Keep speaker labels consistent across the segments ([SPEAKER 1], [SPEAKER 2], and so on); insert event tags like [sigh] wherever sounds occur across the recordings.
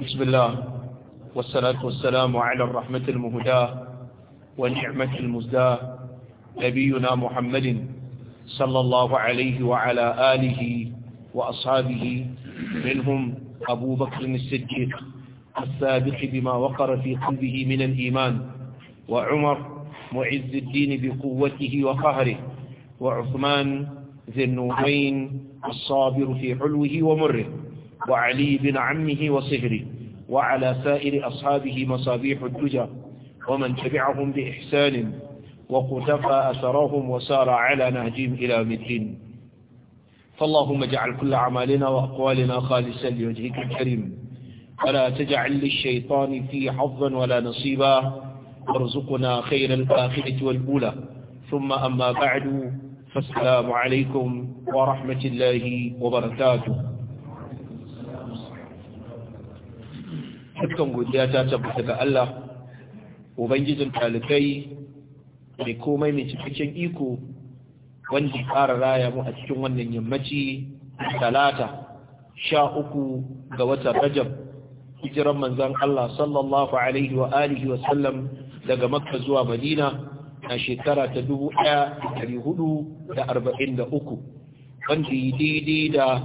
[SPEAKER 1] بسم الله والصلاة والسلام على الرحمة المهداة والنعمة المزداة نبينا محمد صلى الله عليه وعلى آله وأصحابه منهم أبو بكر الصديق السابق بما وقر في قلبه من الإيمان وعمر معز الدين بقوته وقهره وعثمان ذي النورين الصابر في حلوه ومره وعلي بن عمه وصهره وعلى سائر أصحابه مصابيح الدجى ومن تبعهم بإحسان وقتفى أثرهم وسار على نهجهم إلى مدين فاللهم اجعل كل أعمالنا وأقوالنا خالصا لوجهك الكريم فلا تجعل للشيطان فيه حظا ولا نصيبا وارزقنا خير الآخرة والأولى ثم أما بعد فالسلام عليكم ورحمة الله وبركاته حكم قدياتا تبتك الله وبنجد التالكي لكومي من تفكين إيكو wanda ƙara raya mu a cikin wannan yammaci talata sha uku ga watan rajab hijiran manzan Allah sallallahu daga makka zuwa Badina. a shekara ta 1443 wanda yi daidai da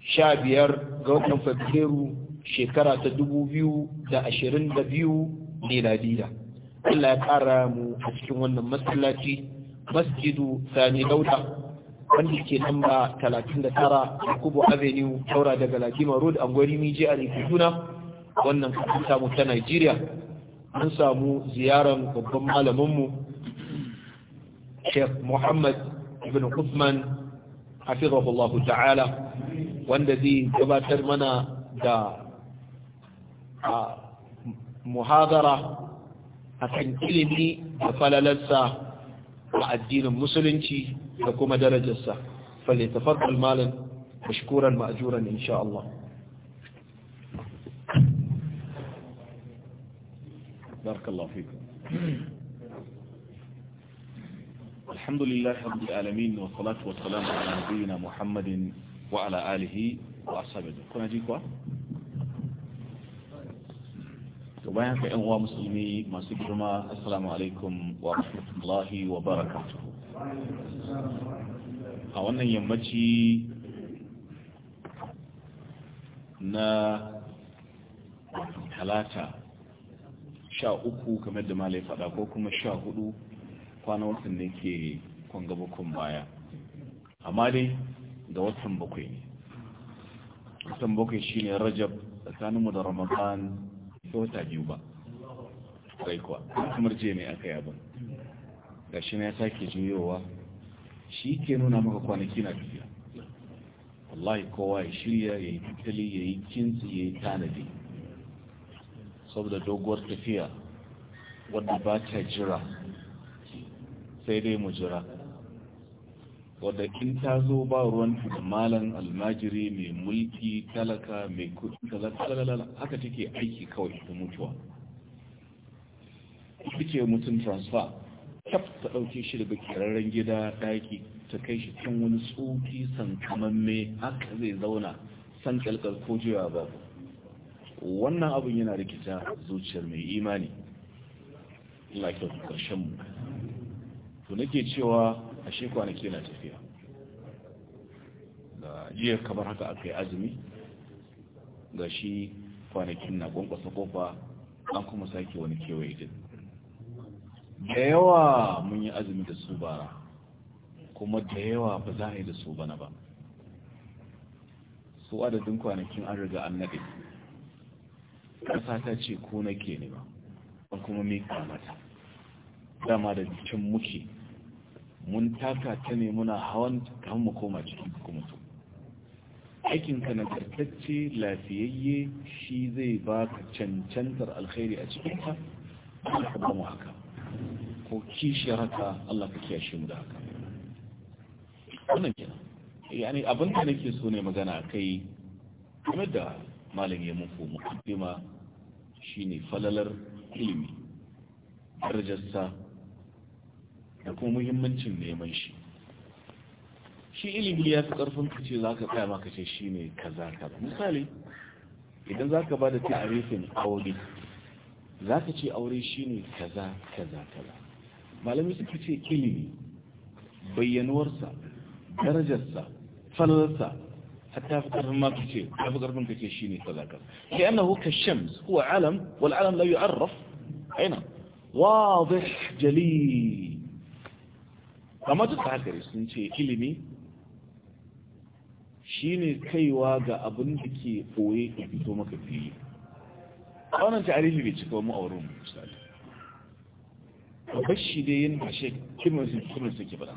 [SPEAKER 1] 15 ga watan fabrairu shekara ta biyu da ashirin 2022 miladiya Allah ya ƙara mu a cikin wannan masallaci masjidu sani dauda wanda ke lamba 39 yakubu avenue taura daga lagima road gwari miji a rikiduna wannan kasa mu ta nigeria an samu ziyarar babban malaminmu Sheikh Muhammad ibn Uthman hafizahullahu ta'ala wanda zai gabatar mana da muhadara a kan ilimi da falalarsa a addinin musulunci da kuma darajarsa falle tafaddal malam mashkuran ma'ajuran insha Allah بارك الله فيكم الحمد لله رب العالمين والصلاة والسلام على نبينا محمد وعلى آله وأصحابه كنا جيكوا تبعين في إنواء مسلمي ما سكرما السلام عليكم ورحمة الله وبركاته أولا يمجي na halata sha uku kamar da malai faɗa ko kuma sha hudu kwanan watan da ke kwanga bakon baya amma dai ga watan bakwai ne watan bakwai shi ne rajab tsakaninmu da ramadan ta wata biyu ba kai kuwa kamar je mai aka yaba ga shi na ya sake juyowa shi ke nuna maka kwanaki na tafiya wallahi kowa ya shirya ya yi tattali ya yi kintsi ya yi tanadi saboda doguwar tafiya wadda ba ta jira sai dai mu jira wadda in ta zo ba ruwan da malan almajiri mai mulki talaka mai kudi talaka haka take aiki kawai ta mutuwa ce mutum transfer kyaf ta ɗauke shi daga kirarren gida ɗaki ta kai shi kan wani tsoki sankamamme haka zai zauna san kalkal kojewa juya babu wannan abin yana rikita zuciyar mai imani Ina kyau karshen mu to nake cewa a kwanaki na tafiya da jiya kamar haka aka yi azumi ga shi kwanakin na kwankwasa kofa an kuma sake wani kewaye din da yawa mun yi azumi da su bara kuma da yawa ba za a yi da su bana ba su adadin kwanakin an riga an naɗe ƙasa ta ce ko nake ba, an kuma mai mata dama da jikin muke mun taka ta ne muna hawan kan mu koma cikin hukumatu aikinka na tattacce lafiyayye shi zai baka cancantar alkhairi a cikinka ba ka mu haka ko kishi haka Allah ka kiyashe mu da haka wannan kenan yani abin da nake so ne magana kai kuma da malam ya mu kuma shine falalar ilimi darajarsa da kuma muhimmancin neman shi shi ilimi ya fi karfin ce za ka tsaya maka ce shi ne kaza ba. misali idan za ka ba da ta'arifin aure za ka ce aure shi ne kaza kaza kaza malami suka ce ilimi bayyanuwarsa darajarsa falalarsa hatta fi ƙarfin ma kace ya fi karfin kace shine sadaka kai annahu kashams huwa alam wal alam la yu'arraf aina واضح jali kama duk da haka sun ce ilimi shine kaiwa ga abin da ke koye da fito maka fili wannan tarihi bai cika mu auren misali bashi dai yin ba shi kimar sun kimar suke faɗa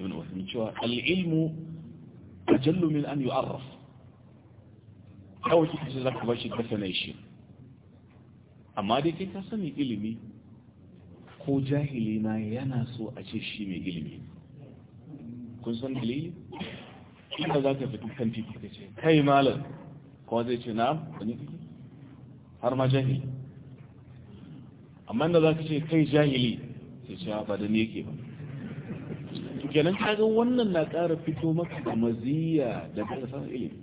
[SPEAKER 1] ibn wasim cewa al-ilmu ajallu min an yu'arraf kawai kika ce za ka bashi definition amma dai kai ka sani ilimi ko jahili yana so a ce shi mai ilimi kun san dalili inda za ka fita kan titi ka ce kai malam kuma zai ce na'am wani kake har ma jahili amma inda za ka ce kai jahili sai ba da ni yake ba kenan kaga wannan na ƙara fito maka da maziya da ƙarfin ilimi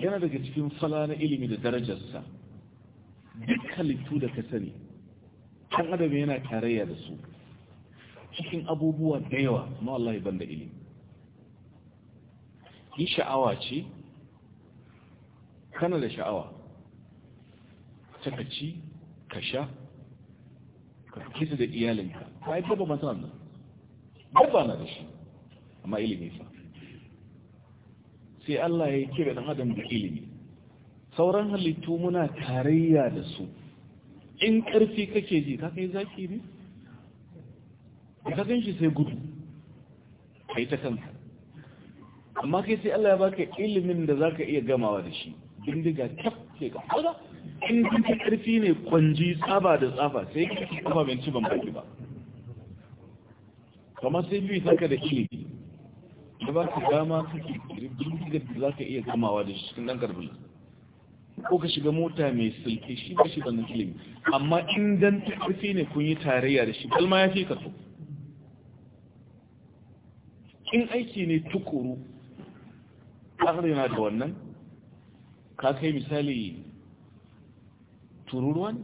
[SPEAKER 1] yana daga cikin fala na ilimi da darajarsa duk halittu da ka sani kan adam yana tarayya da su cikin abubuwa da yawa amma wallahi ban da ilimi yi sha'awa ce kana da sha'awa ta ka ci ka sha ka kisa da iyalinka ka yi babban matsalar nan dabba na da shi amma ilimi fa sai Allah ya kira dan adam da ilimi sauran halittu muna tarayya da su in karfi kake ji ka kai zaki ne ka gan shi sai gudu kai ta kanka amma kai sai Allah ya baka ilimin da zaka iya gamawa da shi bindiga kaf sai ka
[SPEAKER 2] kaga in
[SPEAKER 1] karfi ne kwanji tsaba da tsafa sai ka kafa ban ci ban baki ba kamar sai biyu saka da shi da ba ka dama kake girgin da za ka iya kamawa da shi cikin ɗan bula ko ka shiga mota mai sulke shi ba shi ba na ilimi amma in dan tafi ne kun yi tarayya da shi kalma ya fi ka so in aiki ne tukuru ƙasar yana da wannan ka kai misali tururuwa ne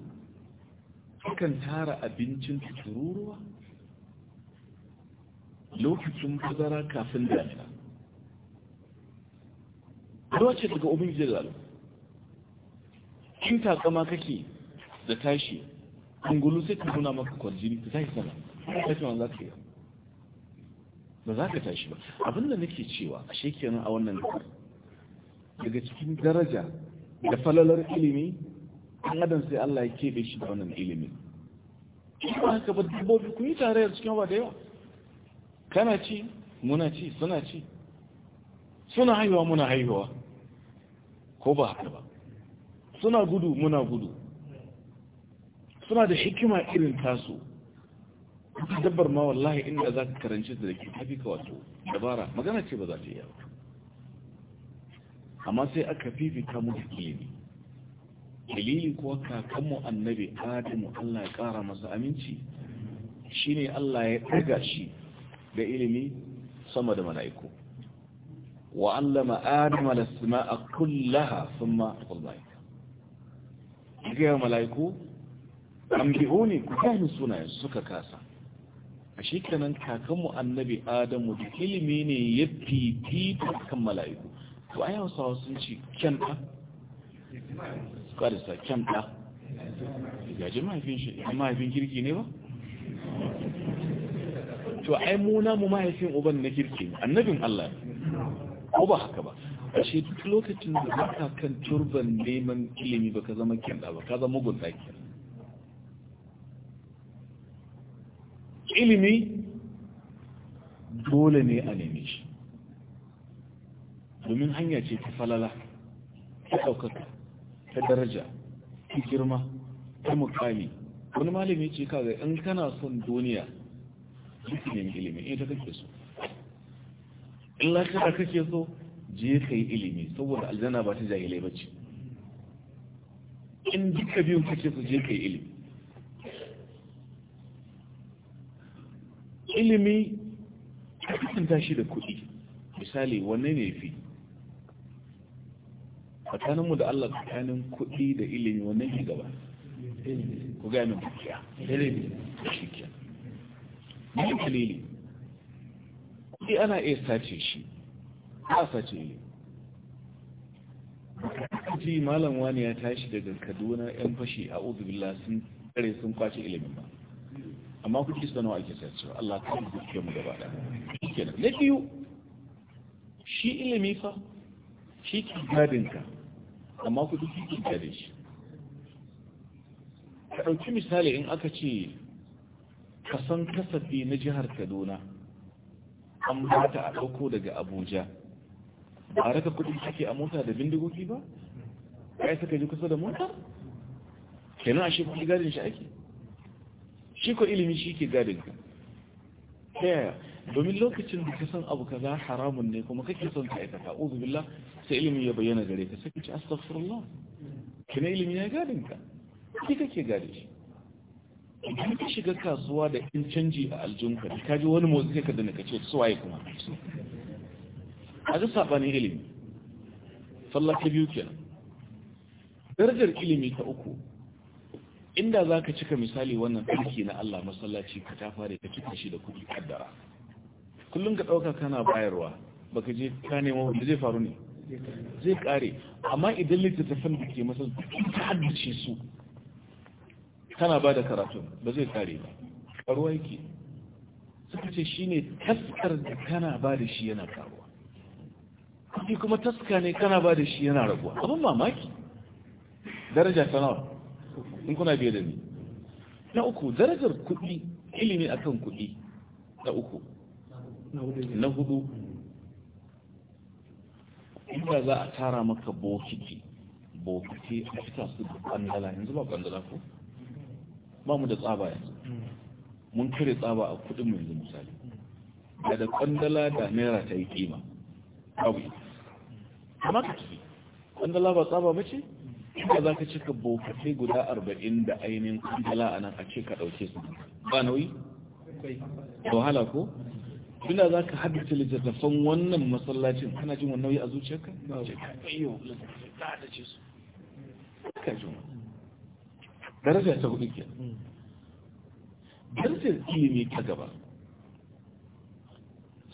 [SPEAKER 1] kan tara abincin tururuwa lokacin bazara kafin damina ruwa ce daga ubangiji da Kin kin takama kake da tashi angulu sai ka nuna maka kwarjini ka tashi sama ka tashi za ka yi ba za ka tashi ba abinda nake cewa a shekarun a wannan daga cikin daraja da falalar ilimi an adam sai Allah ya kebe shi da wannan ilimin ba haka ba dubbobi kun yi tarayyar cikin ba da yawa kana ci muna ci suna ci suna haihuwa muna haihuwa ko ba haka ba suna gudu muna gudu suna da hikima irin tasu dabbar ma wallahi inda za ka karanci da ke tafi ka wato dabara magana ce ba za ta yi yawa amma sai aka fifita mu da ilimi dalili kuwa kakanmu annabi adamu Allah ya kara masa aminci shine Allah ya ɗaga shi da ilimi sama da mala'iku wa allama adama da a kullaha summa qallaika ga mala'iku ambiuni ku kai sunayen suka kasa a shekanan kakanmu annabi adamu da ilimi ne ya fifita kan mala'iku to a sawa sun ce kyan ɗa ƙarisa kyan Ya gaji mahaifin shi mahaifin kirki ne ba to ai mu na mu mahaifin uban na girki annabin Allah ko ba haka ba a duk lokacin da baka kan turban neman ilimi baka zama kenda ba ka zama gunta
[SPEAKER 2] ilimi
[SPEAKER 1] dole ne a nemi shi domin hanya ce ta falala ta ɗaukaka ta daraja ta girma ta mukami wani malami ce kaga in kana son duniya duk nemi ilimi ita kake so in lafiya kake so je ka yi ilimi saboda aljanna ba ta jahilai ba ce in duka biyun kake so je ka yi ilimi ilimi a cikin tashi da kuɗi misali wanne ne fi tsakaninmu da Allah tsakanin kuɗi da ilimi wanne ne gaba ku gane mafiya ilimi da shi kenan ne dalili ana iya sace shi ba sace ne ji malam wani ya tashi daga kaduna yan fashi a uzubillah sun kare sun kwace ilimin ba amma kuɗi su nawa ake sacewa Allah ta yi mu gaba da kenan na biyu shi ilimi fa shi ke ka amma kuɗi shi gadin shi ka ɗauki misali in aka ce kasan kasafi na jihar kaduna an ba ta a ɗauko daga abuja ba raka kudin ake a mota da bindigogi ba ya saka ji kusa da mota kenan a shi kuɗi gadin shi ake shi ko ilimi shi ke gadin ka ta yaya domin lokacin da ka san abu ka za haramun ne kuma kake son ka aikata uzu billah sai ilimi ya bayyana gare ka sai ka ci astaghfirullah kenan ilimi ya gadin ka ki kake gadin shi idan ka shiga kasuwa da in canji a aljunka ka ji wani motsi kai ka da na ce su waye kuma a ji sabanin ilimi falla ta biyu kenan darajar ilimi ta uku inda za ka cika misali wannan ɗarki na Allah masallaci ka ta fara ka cika shi da kuɗi kaddara kullum ka ɗauka kana bayarwa baka je ka nemo wanda zai faru ne zai kare amma idan littattafan da ke masal ta haddace su kana ba da karatu ba zai kare ba karuwa yake suka ce shi ne taskar da kana ba da shi yana karuwa kuma kuma taska ne kana ba da shi yana raguwa abin mamaki daraja ta nawa in kuna biye da ni na uku darajar kuɗi ilimi akan kuɗi na uku na hudu inda za a tara maka bokiti bokiti a fita su da yanzu ba ƙandala ko ba mu da tsaba yanzu mun kare tsaba a kudin yanzu misali da da kwandala da naira ta yi kima abu amma ka ciki kwandala ba tsaba ba ce inda za ka cika bokatai guda arba'in da ainihin kwandala a nan a ce ka ɗauke su ba nauyi
[SPEAKER 2] da wahala ko
[SPEAKER 1] tunda za ka haddata littattafan wannan masallacin kana jin wannan nauyi a zuciyarka? ba ce ka ɗayo littattafan da ce su ka daraja ta hudu ke darajar ilimi ta gaba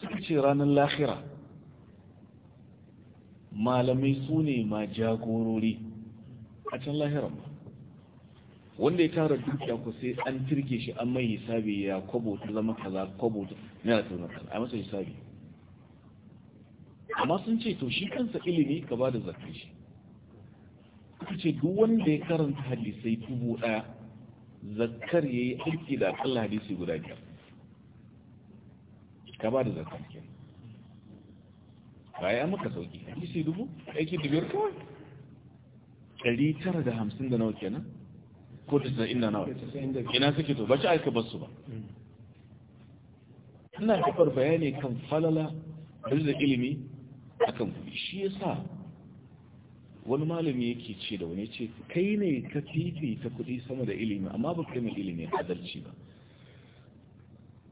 [SPEAKER 1] suka ce ranar lahira malamai su ne ma jagorori a can lahiran ba wanda ya tara dukiya ku sai an turke shi an mai hisabi ya kwabo ta zama kaza kwabo ta naira ta zama kaza a masa hisabi amma sun ce to shi kansa ilimi ka ba da zafi shi suka ce duk wanda ya karanta hadisai dubu ɗaya Zakar ya yi aiki da akalla hadisi guda biyar ka ba da zakar ke ba ya maka sauki hadisi dubu aiki da biyar kawai ɗari tara da hamsin da nawa kenan ko da sa'in da nawa ina suke to ba ci aika su ba ina kafar bayani kan falala da ilimi akan kuɗi shi yasa wani malami yake ce da wani ce kai ne ka fifi ta kudi sama da ilimi amma ba kai mai ilimi adalci ba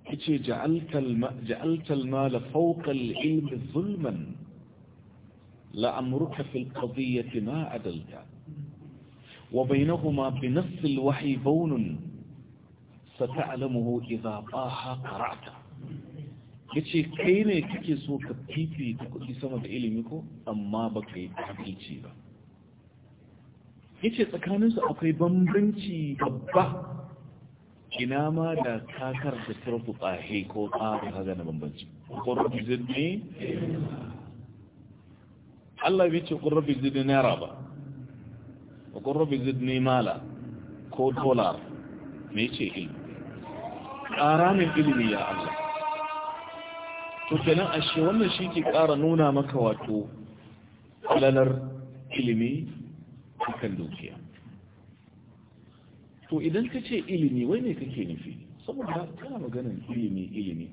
[SPEAKER 1] kace ja'alta ja'altal mala fawqa al-ilm zulman la amruka fil qadiyati ma adalta wa bainahuma bi nass al-wahyi bawnun sata'lamuhu idha qaha qara'ta ya ce kai ne kake so ka fifi ta kudi sama da ilimi ko amma ba ka yi tafici ba ya ce tsakaninsu akwai bambanci babba ina ma da kakar da turfu tsahe ko tsara haga na bambanci ƙorafi zirni Allah bai ce ƙorafi zirni naira ba ƙorafi zirni mala ko dolar mai ce ilimi ƙara min ilimi ya Allah to kenan ashe wannan shi ke ƙara nuna maka wato lalar ilimi kan dukiya to idan ka ce ilimi wai ne kake nufi saboda kana maganin ilimi ilimi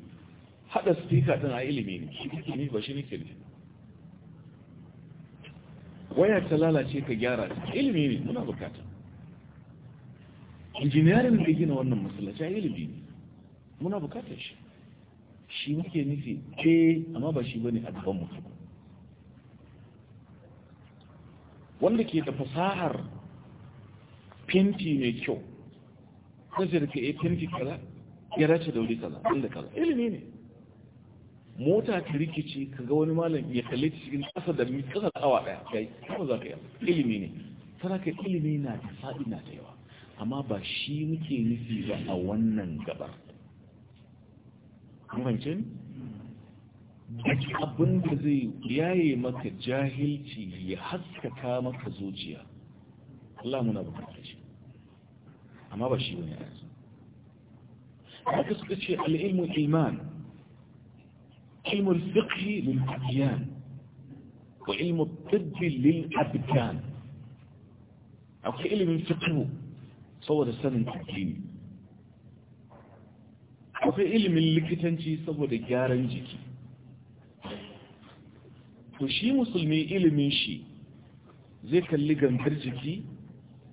[SPEAKER 1] haɗa spika ɗin a ilimi ne shi kake nufi ba shi ne nufi waya ta lalace ka gyara ta ilimi ne muna bukata injiniyarin da gina wannan masallaci a ilimi ne muna bukatar shi shi muke nufi Ke amma ba shi bane a gaban mutum wanda ke da fasahar fenti mai kyau sai da ke eh, fenti kala, ya race da wuri kala, inda kala. ilimi ne mota ta rikici ka ga wani malam ya kalle ta cikin kasa da mi kasa awa daya kai kuma za ka yi ilimi ne tana ka ilimi na da sa'i na da yawa amma ba shi muke nufi ba a wannan gabar kamance abinda zai yaye maka jahilci ya haskaka maka zuciya Allah muna bukatar shi amma ba shi wani yanzu haka suka ce al'ilmu iman ilmu fiqhi lil adyan wa ilmu tibbi lil abdan akwai ilimin fiqhu saboda sanin addini akwai ilimin likitanci saboda gyaran jiki to shi musulmi ilimin shi zai kalli gantar jiki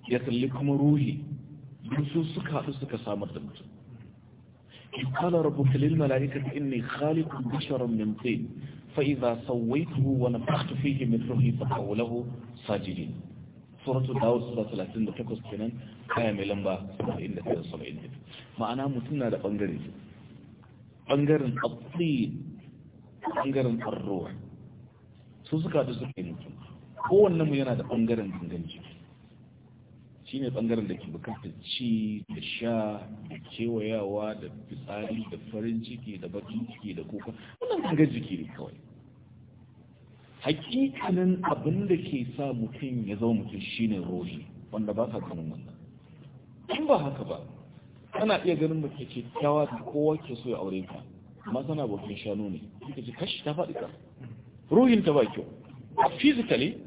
[SPEAKER 1] ya kalli kuma ruhi dusu suka haɗu suka samar da mutum قال ربك للملائكة إني خالق بشرا من طين فإذا سويته ونفخت فيه من روحي فقعوا له ساجدين suratul dawud sura 38 kenan kaya mai lamba 79 ma'ana mutum na da bangare bangaren atsi bangaren arruwa su suka da suka yi mutum kowanne mu yana da bangaren ganganci ne bangaren da ke bukata ci da sha da kewayawa da fitsari da farin ciki da bakin ciki da kuka wannan gangan jiki ne kawai hakikanin abin da ke sa mutum ya zo mutum shine rohi wanda ba sa ganin wannan in ba haka ba kana iya ganin mace ke kyawa da kowa ke so ya aure ka amma tana bakin shanu ne kika ji kashi ta faɗi ka ruhin ta ba kyau physically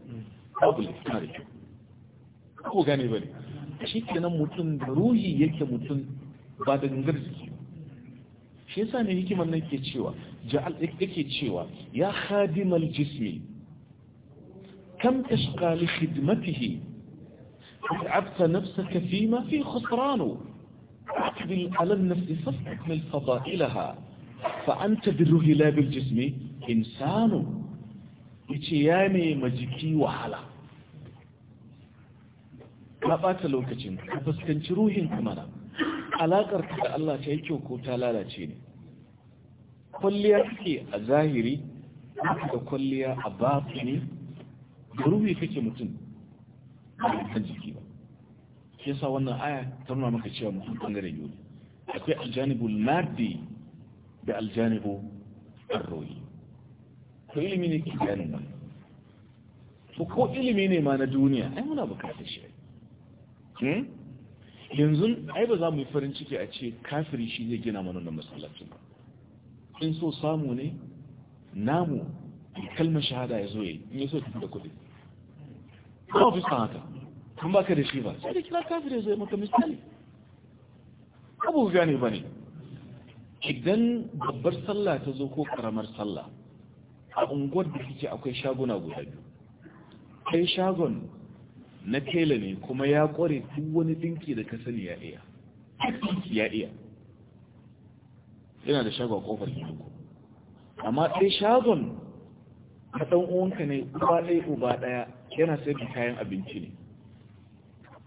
[SPEAKER 1] babu tana da kyau ko gane ne. shi kenan mutum da ruhi yake mutum ba da gangar jiki shi yasa ne hikimar nan ke cewa ja'al yake cewa ya khadimal jismi kam tashqa li khidmatihi ta'abta nafsaka fi ma fi khusranu akbil ala nafsi safak min fada'ilaha fa anta bi ruhilab al jismi insanu yace ya ne majiki wahala ka bata lokacin ka fuskanci ruhin kuma alaƙar ta Allah ta yake ko ta lalace ne kwalliya kake a zahiri da kwalliya a batini da ruhi kake mutum kan jiki ba shi yasa wannan aya ta nuna maka cewa mutum bangaren yau akwai aljanibul maddi da aljanibu arroyi ko ilimi ne ke ganin wannan to ko ilimi ne ma na duniya ai muna bukatar shi hmm? yanzu ai ba za mu yi farin ciki a ce kafiri shi zai gina mana wannan masallacin ba in so samu ne namu kalmar shahada ya zo yi in ya so tafi da kuɗi kuma fi san haka kan baka da shi ba sai da kira kafir ya zo maka misali abu ne ba ne idan babbar sallah ta zo ko karamar sallah a unguwar da kike akwai shaguna guda biyu kai shagon na tela ne kuma ya kware duk wani dinki da ka sani ya iya ya iya yana da shago a kofar gidanku amma ɗai shagon a ɗan uwanka ne uba ɗaya uba ɗaya yana sai da kayan abinci ne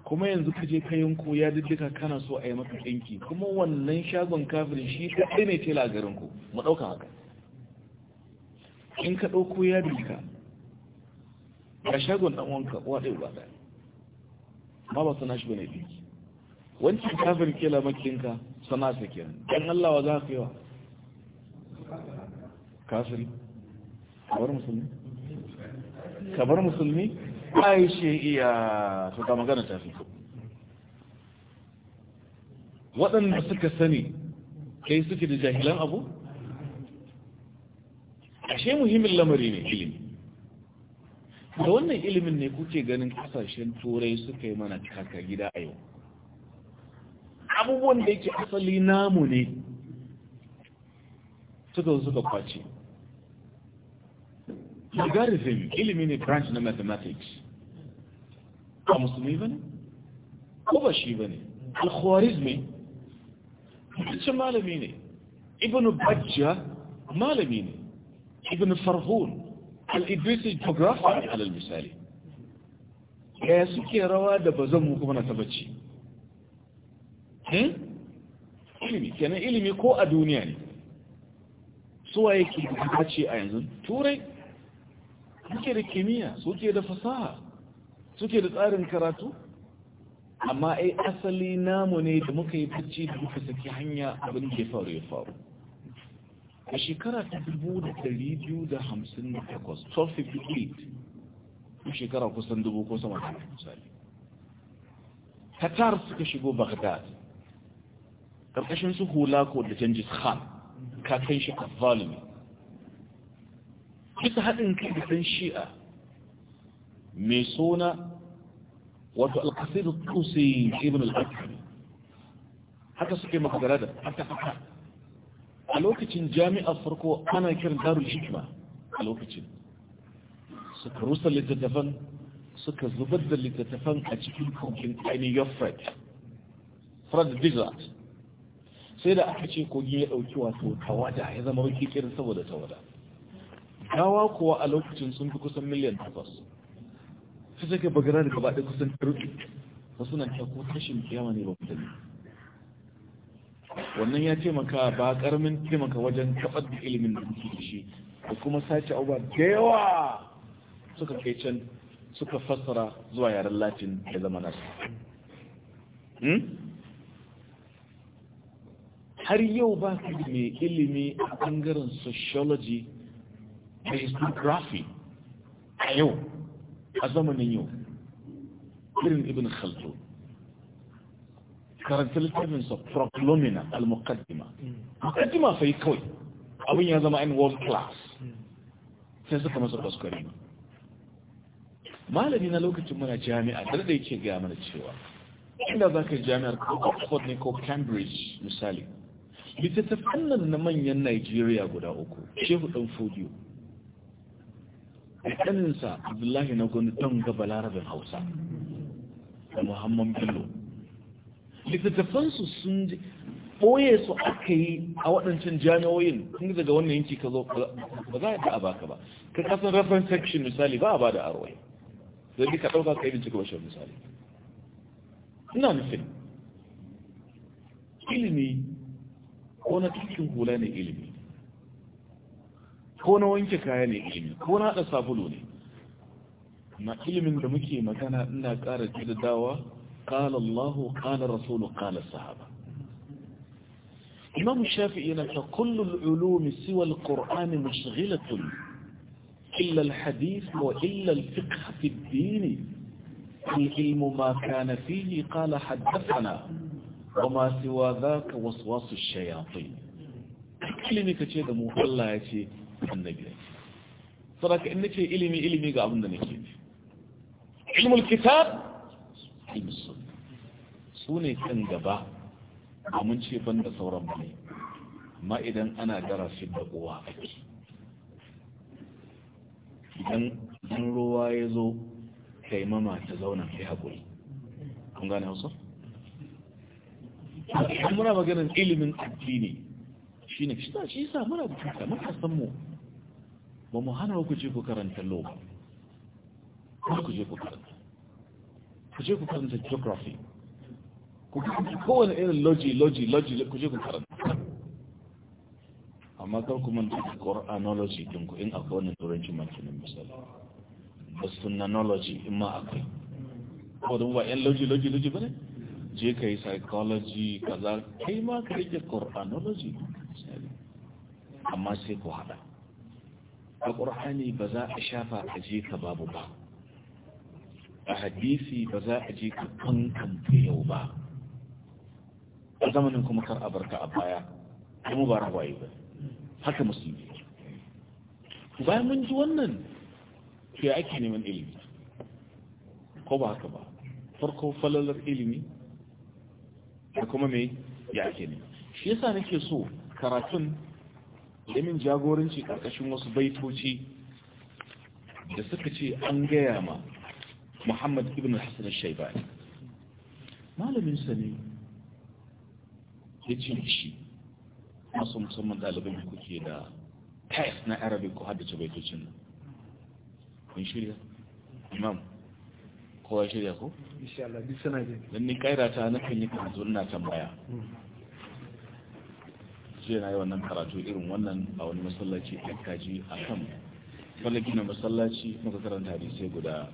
[SPEAKER 1] kuma yanzu ka je ka yanko ya diddika kana so a yi maka ɗinki kuma wannan shagon kafin shi kaɗai ne tela a garinku mu ɗauka haka in ka ɗauko ya dinka a shagon ɗan uwanka uwa ɗaya uba ɗaya ma ba sana shi bane ɗinki wancan kafirin kela makinka sana su ke ɗan Allah wa za su yi wa kafiri kabar musulmi kabar musulmi yi shi iya to magana ta fito waɗanda suka sani kai suke da jahilan abu ashe muhimmin lamari ne ilimi da wannan ilimin ne kuke ganin kasashen turai suka yi mana kaka gida a yau abubuwan da yake asali namu ne suka suka kwace logarithm ilimi ne branch na mathematics a musulmi ba ne ko ba shi ba ne alkhawarizmi ce malami ne ibn bajja malami ne ibn farhun al-idrisi geographer alal misali yaya suke rawa da bazan mu kuma na tabbaci Hmm? ilimi kenan ilimi ko a duniya ne suwa yake ce a yanzu turai suke da kimiyya suke da fasaha suke da tsarin karatu amma ai asali namu ne da muka yi fice da muka saki hanya abin ke faru ya faru a shekara ta 258 1258 shekara kusan dubu ko sama da misali Qatar suka shigo baghdad ƙarƙashin su hula ko da Genghis Khan kakan shi azzalimi Kisa haɗin kai da ɗan shi'a mai suna wato alkasir tusi ibn al-akari haka suke makagara da haka haka a lokacin jami'ar farko ana kiran darul hikma a lokacin suka rusa littattafan suka zubar da littattafan a cikin kogin ainihin yofred fred desert sai da aka ce kogi ya ɗauki wato tawada ya zama wake kirin saboda tawada gawa kuwa a lokacin sun fi kusan miliyan takwas su suke bagara da gaba ɗaya kusan turki da suna ta ko tashin kiyama ne ba mutane wannan ya taimaka ba ƙaramin taimaka wajen taɓar da ilimin da muke da shi da kuma sace abubuwa da yawa suka kai can suka fassara zuwa yaren latin ya zama nasu hmm? har yau ba ka da mai ilimi a ɓangaren sociology da historiography a yau a zamanin yau irin ibn khaldun karanta littafinsa proclomina al-muqaddima muqaddima fa yi kawai abin ya zama in world class sai suka masa kwaskwari malami na lokacin muna jami'a da da yake gaya mana cewa inda za ka jami'ar ko oxford ne ko cambridge misali littattafan nan na manyan Najeriya guda uku shehu ɗan fodiyo da ɗaninsa abdullahi na gani don gaba larabin hausa da muhammad bello littattafansu sun ji ɓoye su aka yi a waɗancan jami'oyin kun daga wannan yanki ka zo ba za a ta ka ba ka kasan reference section misali ba a ba da arwai zai bi ka ɗauka ka yi bincika bashar misali ina nufin ilimi ko na cikin hula ne ilimi ko na wanke kaya ne ilimi ko na haɗa sabulu ne na ilimin da muke magana ina ƙara jirdawa ƙala Allah ƙala Rasulu ƙala sahaba imam shafi'i yana ta kullum ulumi siwa al-qur'ani mashghilatun illa al-hadith wa illa al-fiqh fi ad-din العلم ما كان فيه قال حدثنا wa ma siwa zaka waswasu shayatin ilimi kace da mu Allah ya ce annabi sadaka in nace ilimi ilimi ga abin da nake ilmul kitab ilmus sunna sune kan gaba mun ce ban da sauran bane amma idan ana darasin da uwa ake idan ruwa ya zo kaimama ta zauna kai haƙuri an gane hausa muna maganin ilimin addini shi ne
[SPEAKER 2] shi yasa muna bukata
[SPEAKER 1] mu ba mu hana ku je ku karanta law ba ku je ku karanta ku je ku karanta geography ku karanta kowane irin logi logi logi ku je ku karanta amma kar ku manta qur'anology din ku in akwai wannan turanci makinin misali ba sunnanology in ma akwai ko don ba yan logi logi logi bane je ka yi psychology kaza kai ma ka rike qur'anology amma sai ku haɗa. a ƙur'ani ba za a shafa a je ka babu ba a hadisi ba za a je ka kankan yau ba a zamanin kuma kar a barka a baya kuma ba rawaye ba haka musulmi bayan mun ji wannan ke ake neman ilimi ko ba haka ba farko falalar ilimi da kuma mai ya ake ne shi yasa nake so karatun min jagoranci karkashin wasu baitoci da suka ce an gaya ma muhammad ibn hassan shaibani malamin sa ne ya ce shi masu musamman ɗaliban da kuke da tais na arabic ko haddace baitocin nan kun shirya imam kowa shirya ko? insha duk sana jin dan ni kaira na kan yi karatu ina tambaya jiya na yi wannan karatu irin wannan a wani masallaci a kaji a kan fallaki na masallaci muka karanta sai guda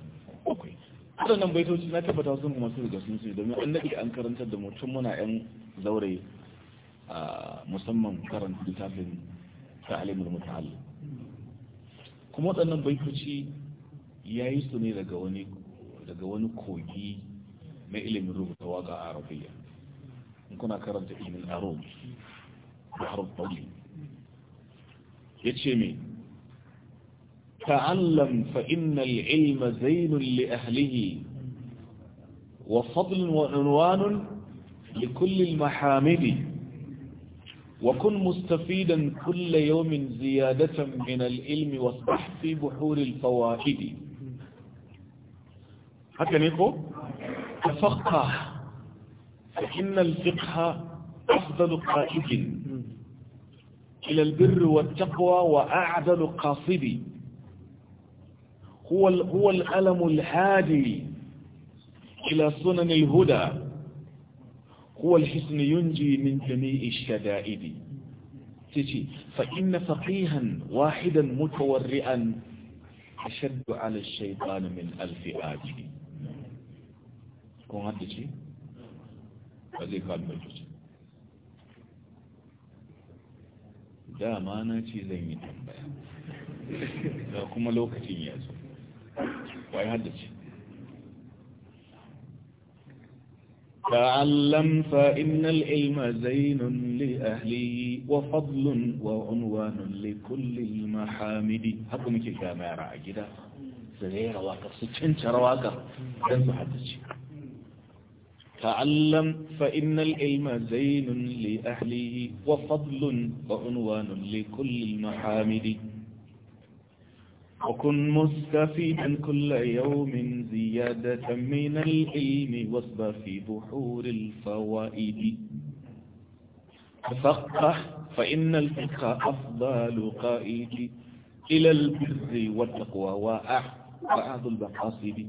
[SPEAKER 1] bakwai waɗannan baitoci na tabbata sun kuma su da sun su domin an daɗe an karantar da mutum muna yan zaure a musamman karanta littafin ta ta'alimul muta'allim kuma waɗannan baitoci ya yi su ne daga wani daga wani kogi mai ilimin rubuta waka a arabiya in kuna karanta ilimin arom da harin harfari ya ce mai ta'allam fa'innal ilma zainun li ahlihi wa fadlin wa unwanun li kullil mahamidi وكن مستفيدا كل يوم زيادة من العلم واصبح في بحور الفوائد هكا نيكو الفقه فإن الفقه أفضل قائد إلى البر والتقوى وأعدل قاصد هو, هو الألم الهادي إلى سنن الهدى هو الحسن ينجي من جميع الشدائد فإن فقيها واحدا متورئا أشد على الشيطان من ألف آدم kun haddace ba zai kalmar ce na ce zan yi tambaya da kuma lokacin ya zo wai تعلم فإن العلم زين لأهلي وفضل وعنوان لكل المحامد حقا مكي كاميرا أجدا سغير واقع ستين ترواقع لن تحدث تعلم فإن العلم زين لأهله وفضل وعنوان لكل المحامد وكن مستفيدا كل يوم زيادة من العلم واصب في بحور الفوائد تفقه فإن الفقه أفضل قائد إلى البر والتقوى وأعظ البقاصد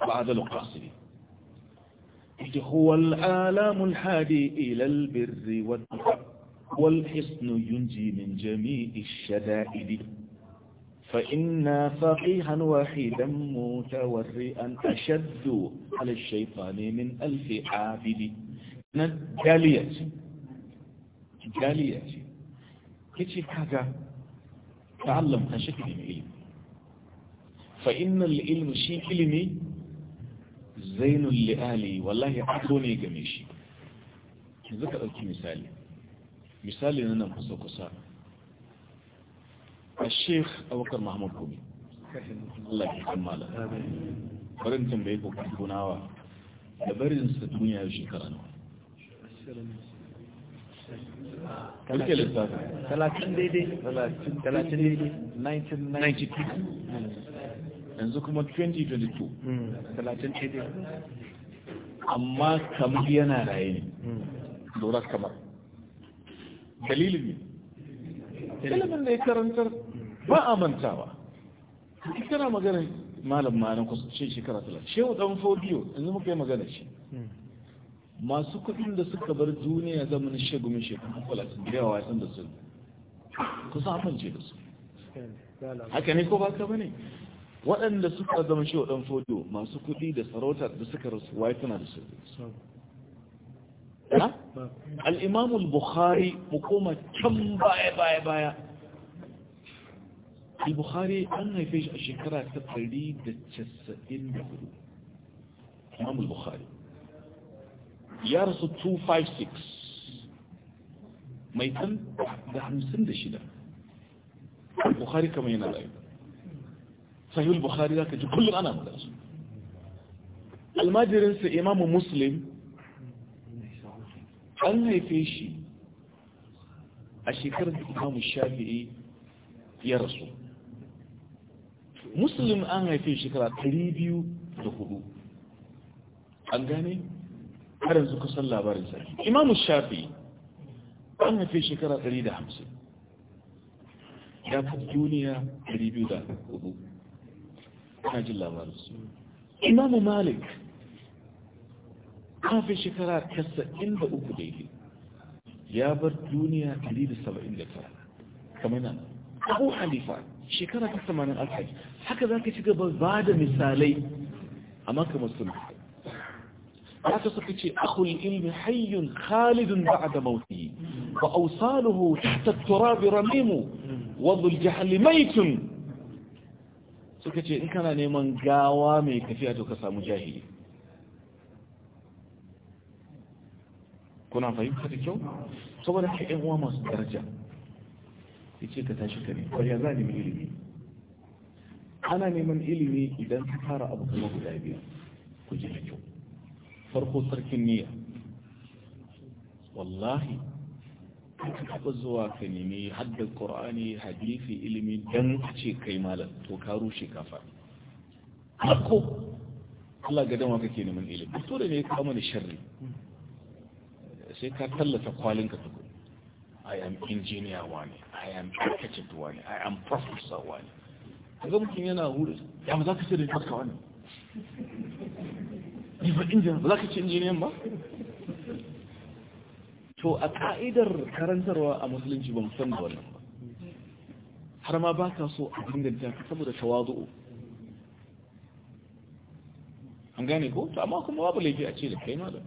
[SPEAKER 1] بعد القاصد هو العالم الحادي إلى البر والتقوى والحصن ينجي من جميع الشدائد فإنا فقيها واحدا متورئا أشد على الشيطان من ألف عابد جالية جالية كيف حاجة تعلم عن شكل العلم فإن العلم شيء علمي Zainun li'ali wallahi ado ne game shi yanzu ka ɗauki misali misali na nan kusa-kusa a sheikh abokar mahamud gobe Allah ya kammala barin tambaye ko kunawa da barin sa duniya shekara nawa
[SPEAKER 2] kalke lissafi 30 daidai 30 daidai
[SPEAKER 1] 1992 yanzu kuma 2022 hmm. amma kamar yana raye ne dora hmm. kamar dalilin ne ilimin da ya karantar ba a mantawa kana magana malam nan kusa ce shekara talatin shehu dan fodiyo yanzu muka yi magana shi hmm. masu kuɗin da suka bar duniya zamanin shagumin shekaru sun da yawa san da su kusa ce da su
[SPEAKER 2] haka ne ko ba ka bane
[SPEAKER 1] waɗanda suka zama shi waɗan fodo masu kuɗi da sarauta da suka rasu wai tana da su al'imamul bukhari mu koma can baya baya baya al-bukhari an haife shi a shekara ta ɗari da casa'in da hudu imamul bukhari ya rasu 256 mai tan da hamsin da shida bukhari kama yana da sahihul bukhari zaka ji kullum ana magana su almajirin sa imam muslim an haife shi a shekarar da imam shafi'i ya rasu muslim an haife shekara an gane har yanzu kusan labarin sa imam shafi'i an haife shekara ya fi duniya يحتاج إلا مرس إمام مالك كان في شكرا كسا إن بأوك ديلي يابر دونيا قليل سبا إن لفرا كمانا أبو حليفا شكرا كسا مانا الحج حكا ذاك شكرا بعد مثالي أما كما سمح لا تصفيك أخو الإلم حي خالد بعد موته وأوصاله تحت التراب رميم وظل جحل ميت suka ce in kana neman gawa mai tafiya to ka samu jahili kuna fahimta da kyau saboda ka uwa masu daraja ya ce ka tashi ka ne kwariya za nemi ilimi ana neman ilimi idan ka fara abu kuma guda biyu ku ji da kyau farko sarkin niyya wallahi taɓa zuwa ka nemi haddar ƙorani hadifi ilimi don ce kai malar to ka rushe ka ko Allah ga dama kake neman ilimi to da ne ka mana sharri sai ka tallata kwalinka tukuri I am engineer wani I am architect wani I am professor wani ga mutum yana hudu ya ba za ka ce da baka wani ba ba za ka ce injiniyan ba to a ka'idar karantarwa a musulunci ba musan da wannan ba har ma ba ka so a dinganta ka saboda tawazu'u an gane ko to amma kuma babu laifi a ce da kai malam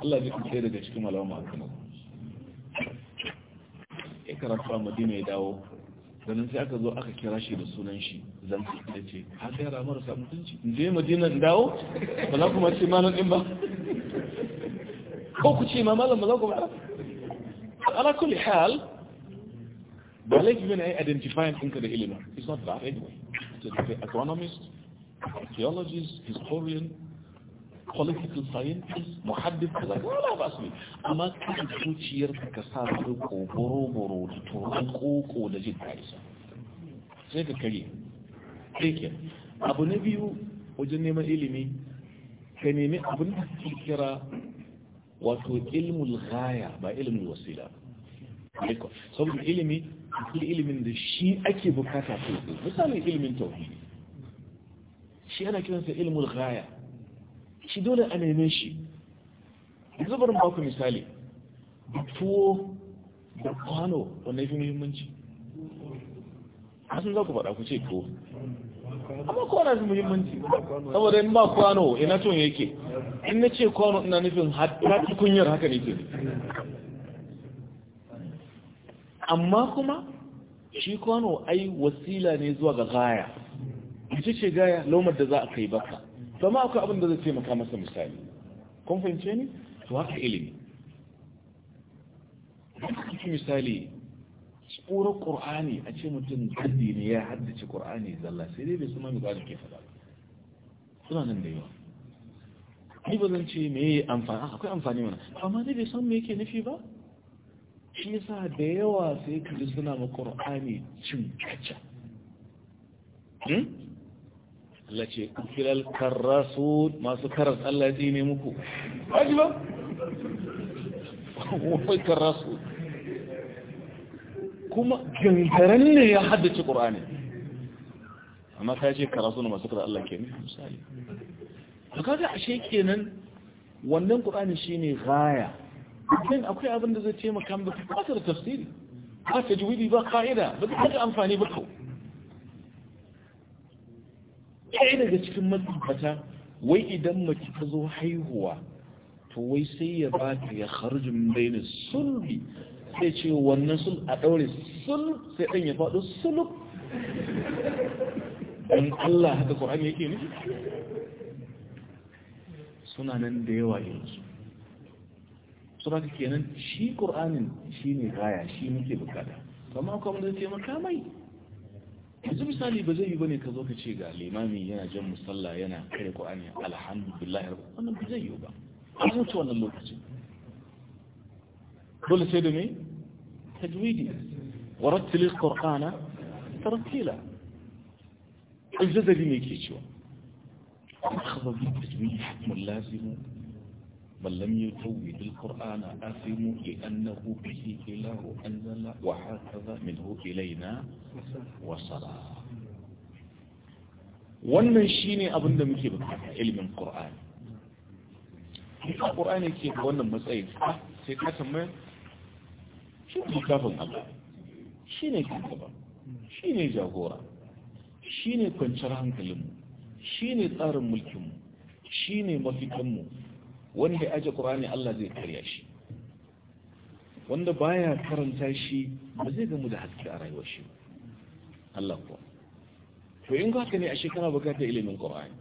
[SPEAKER 1] Allah zai kuce daga cikin malama a kanu ya karatu a madina ya dawo ganin sai aka zo aka kira shi da sunan shi zan ce da ce ha sai yara marasa mutunci in je madina in dawo ba za kuma ce malam din ba ko ku ce ma malam ba za ku ba ala kulli hal ba laifi bane ai identifying ɗinka da ilimin it's not that anyway it's the economist theologist historian political scientist muhaddis kaza wala ba su amma kan zuciyar ka sa ko boro-boro da turan ko da jin daɗi sai ka kare sai ke abu na biyu wajen neman ilimi ka nemi abin da suke kira wato ilmul ghaya ba ilmul wasila aiko saboda ilimi akwai ilimin da shi ake bukata ko misalin ilimin tauhidi shi ana kiransa ilmul ghaya shi dole a neme shi yanzu bari ba ku misali tuwo da kwano wanda yafi muhimmanci asin za ku faɗa ku ce tuwo amma na su muhimmanci
[SPEAKER 2] saboda in ba kwano ina tun
[SPEAKER 1] yake in na ce kwano ina nufin hatta kunyar haka ne ke amma kuma shi kwano ai wasila ne zuwa ga gaya ita ce gaya lomar da za a kai baka sama akwai abin da zai taimaka masa misali kun fahimce ne to haka ilimi misali tsoron ƙur'ani a ce mutum gaddi ne ya haddace ƙur'ani zalla sai dai bai suma mai ƙwarin ke faɗa suna nan da yawa ni ba zan ce me amfani akwai amfani mana amma dai bai san me yake nufi ba shi yasa da yawa sai ka ji suna ma ƙur'ani cin kaca hmm? Allah ce kufilal karrasu masu karas Allah ya tsine muku ba ji ba [laughs] wai karrasu kuma gangaren ne ya haddace ƙur'ani amma ta ce karatu na masu Allah ke ne misali to kaga ashe kenan wannan ƙur'ani shine gaya dan akwai abin da zai taimaka maka ba tafsiri ba ta tajwidi ba ka'ida ba ta amfani ba ka'u. kai daga cikin matsubata wai idan mace ta zo haihuwa to wai sai ya ba ta ya kharju min bayna sulbi sai ce wannan sul a ɗaure sul sai ɗan ya faɗo sulub don Allah haka ya yake ne suna nan da yawa yanzu suna ka kenan shi ƙoranin shi ne kaya shi muke bukata amma akwai wanda zai taimaka mai yanzu misali ba zai yi bane ka zo ka ce ga limami yana jan musalla yana kare ƙorani alhamdulillah wannan ba zai yi ba an mutu wannan lokacin دول سيدمي تجويدي ورتل القرآن ترتيلا الجزء دي ميكيشو أخذ بالتجويد حكم اللازم من لم يتوب القرآن آثم لأنه به إله أنزل وهكذا منه إلينا وصلا wannan shine abin da muke bukata ilimin Qur'ani. Kuma Qur'ani ke da wannan matsayin sai ka shi ne kafin Allah shi ne kankaba shi ne jagora shi ne kwanciyar hankalinmu shi ne tsarin mulkinmu shi ne mafikanmu. wanda aje ƙur'ani Allah zai karya shi wanda baya karanta shi ba zai gamu da haske a rayuwar shi Allah kuwa to in haka ne a shekara bukata ilimin ƙur'ani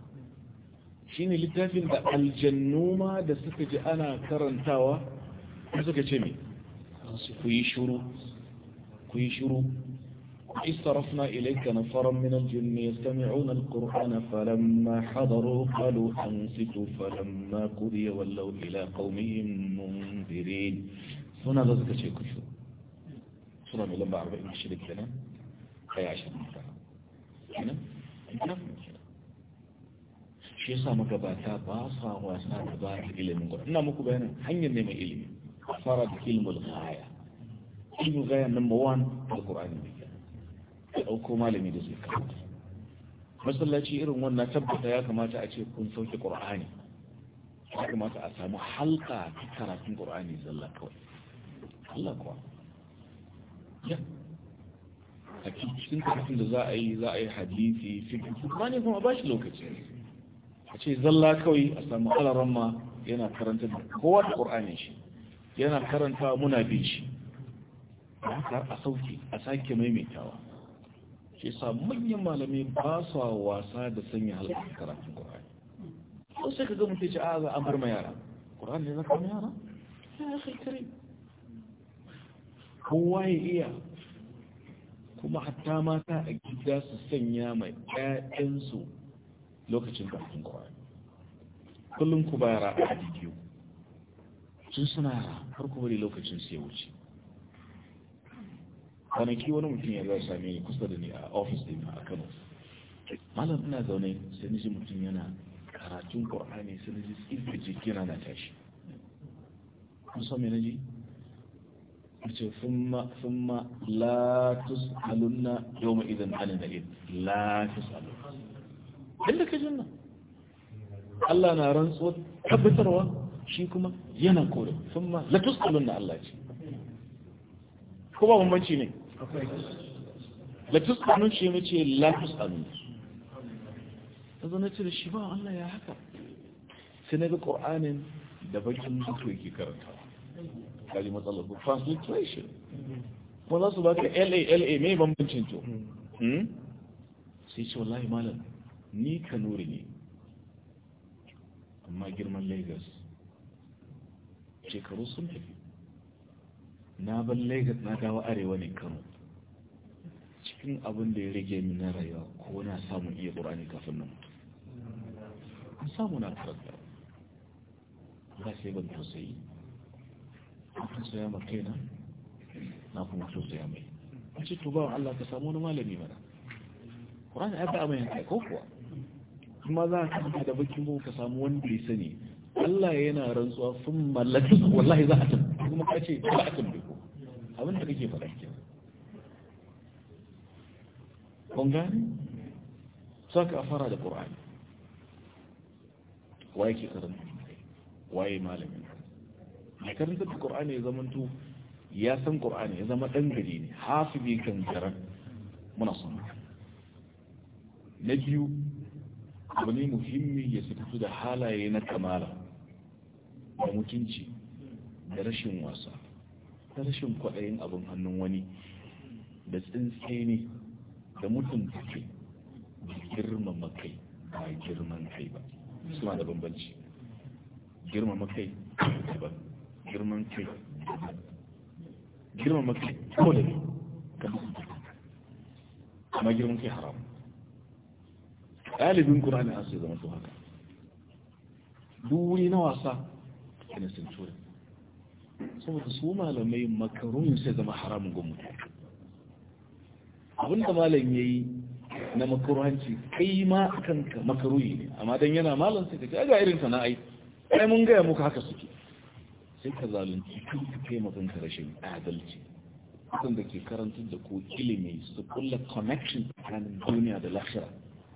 [SPEAKER 1] ne littafin da aljannuma da suka ji ana karantawa suka ce mai كيشرو كيشرو استرفنا إليك نفرا من الجن يستمعون القرآن فلما حضروا قالوا انصتوا فلما قضي ولوا إلى قومهم منذرين هنا لذلك شيء كيشرو صلى لما عليه وسلم بأربعين عشر كنا خي عشر مرة هنا هنا شيء صامك باتا باصا واسا تبارك إلي من قرآن إنا نعم، مكو بينا حين نمي من sarat ilmul ghaya ilmul ghaya number one da ne ka dauko malami da zai karanta masallaci irin wannan tabbata ya kamata a ce kun sauke qur'ani ya kamata a samu halka ta karatun qur'ani zalla kawai Allah kuwa ya a cikin karatun da za a yi za a yi hadisi fiqh qur'ani kuma ba shi lokaci a ce zalla kawai a samu alaramma yana karanta da kowa da qur'anin shi yana karanta muna bici haka a sauki a sake maimaitawa shi sa manyan malami ba su wasa da sanya halittar karatun ƙwararri ko sai ka gama teci a za a bar ma yara ƙwararri ne za ka yara
[SPEAKER 2] ya kai kare
[SPEAKER 1] kowa ya iya kuma hatta mata a gida su sanya mai ƴaƴansu lokacin karatun ƙwararri kullum ku bayara a bidiyo tun suna har kuma da lokacin sai wuce kwanaki wani mutum ya za same kusa da ni a ofis din a kano malam ina zaune sai ni mutum yana karatun qur'ani sai ni ji tsirka jikina na tashi kun san me na ji ce summa summa la tus'alunna yawma idan an na'id la tus'alun inda ka jinna Allah na rantsuwa tabbatarwa shi kuma yana kore sun ma latus alun da Allah ce ko ba bambanci ne latus alun shi ne ce latus alun yanzu na ce da shi ba Allah ya haka sai na ga ƙor'anin da bakin mutu yake karanta. kaji matsalar bu translation ko za su ba ka la mai bambancin to hmm. Hmm? sai ce wallahi malam ni kanuri ne amma girman lagos shekaru sun tafi na ban lagos na dawo arewa ne kano cikin abin da ya rage min na rayuwa ko na samun iya ƙur'ani kafin nan mutu an samu na karanta ba sai ban tausayi an tausaya ma kaina na kuma tausaya mai a ce to wa allah ka samu wani malami mana Ƙur'ani ya fi amayin kai ko kuwa kuma za ka da bakin ka samu wanda ya sani Allah yana rantsuwa sun mallakin wallahi za a tun kuma ka ce ba a tambaye ko abin da kake faɗa ke kun gane saka a fara da ƙur'ani waye ke karanta waye malamin mai karanta da ƙur'ani ya tu ya san ƙur'ani ya zama ɗan gari ne hafi bi kan karan muna son na biyu abu ne muhimmi ya fito da halaye na kamala mutunci da rashin wasa da rashin kwaɗayin abin hannun wani da tsintsini da mutunta kai da girmama kai ba girman kai ba suna da bambanci girmama kai ba girman kai daban girmama kai ko da ne ka amma girman kai haram ɗalibin ƙura'ani har sai zama to haka duk wuri na wasa irin centurion saboda su malamai makarun sai zama haramun gomu abinda malam ya yi na makaruhanci kai ma kanka makaruhi ne amma don yana malam sai ka ce aga irin sana'ai ai mun gaya muka haka suke sai ka zalunci kan ka kai makanka rashin adalci da ke karantar da ko ilimi su kulla connection tsakanin duniya da lafiya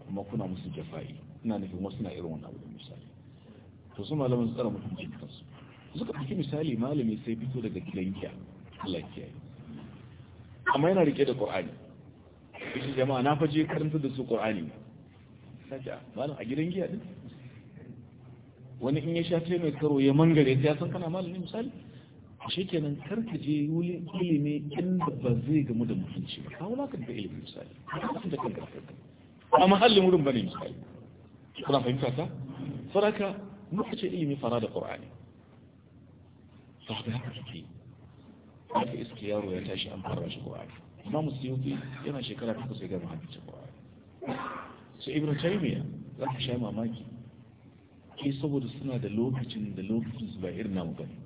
[SPEAKER 1] kuma kuna musu jafa'i ina nufin wasu na irin wani abu da misali to su malaman mutum tsara mutuncin kansu suka ɗauki misali malami sai fito daga kilankiya Allah amma yana rike da Qur'ani shi jama'a na faje karanta da su Qur'ani sai ah, malam a gidan giya din wani in ya sha tai mai karo ya mangare ta ya san kana malamin misali shi kenan karka je wuli ilimi inda ba zai gamu da mutunci ba kawo laka da ilimin misali a mahallin wurin bane misali kuna fahimta ta saraka muka ce ilimi fara da ƙur'ani ta haka haka take haka iska yaro ya tashi an fara shi ƙur'ani imamu suyuti yana shekara ta kusa gama hadisi
[SPEAKER 2] ƙur'ani
[SPEAKER 1] su ibn taymiya za ka sha mamaki ke saboda suna da lokacin da lokacin su ba irin namu gani.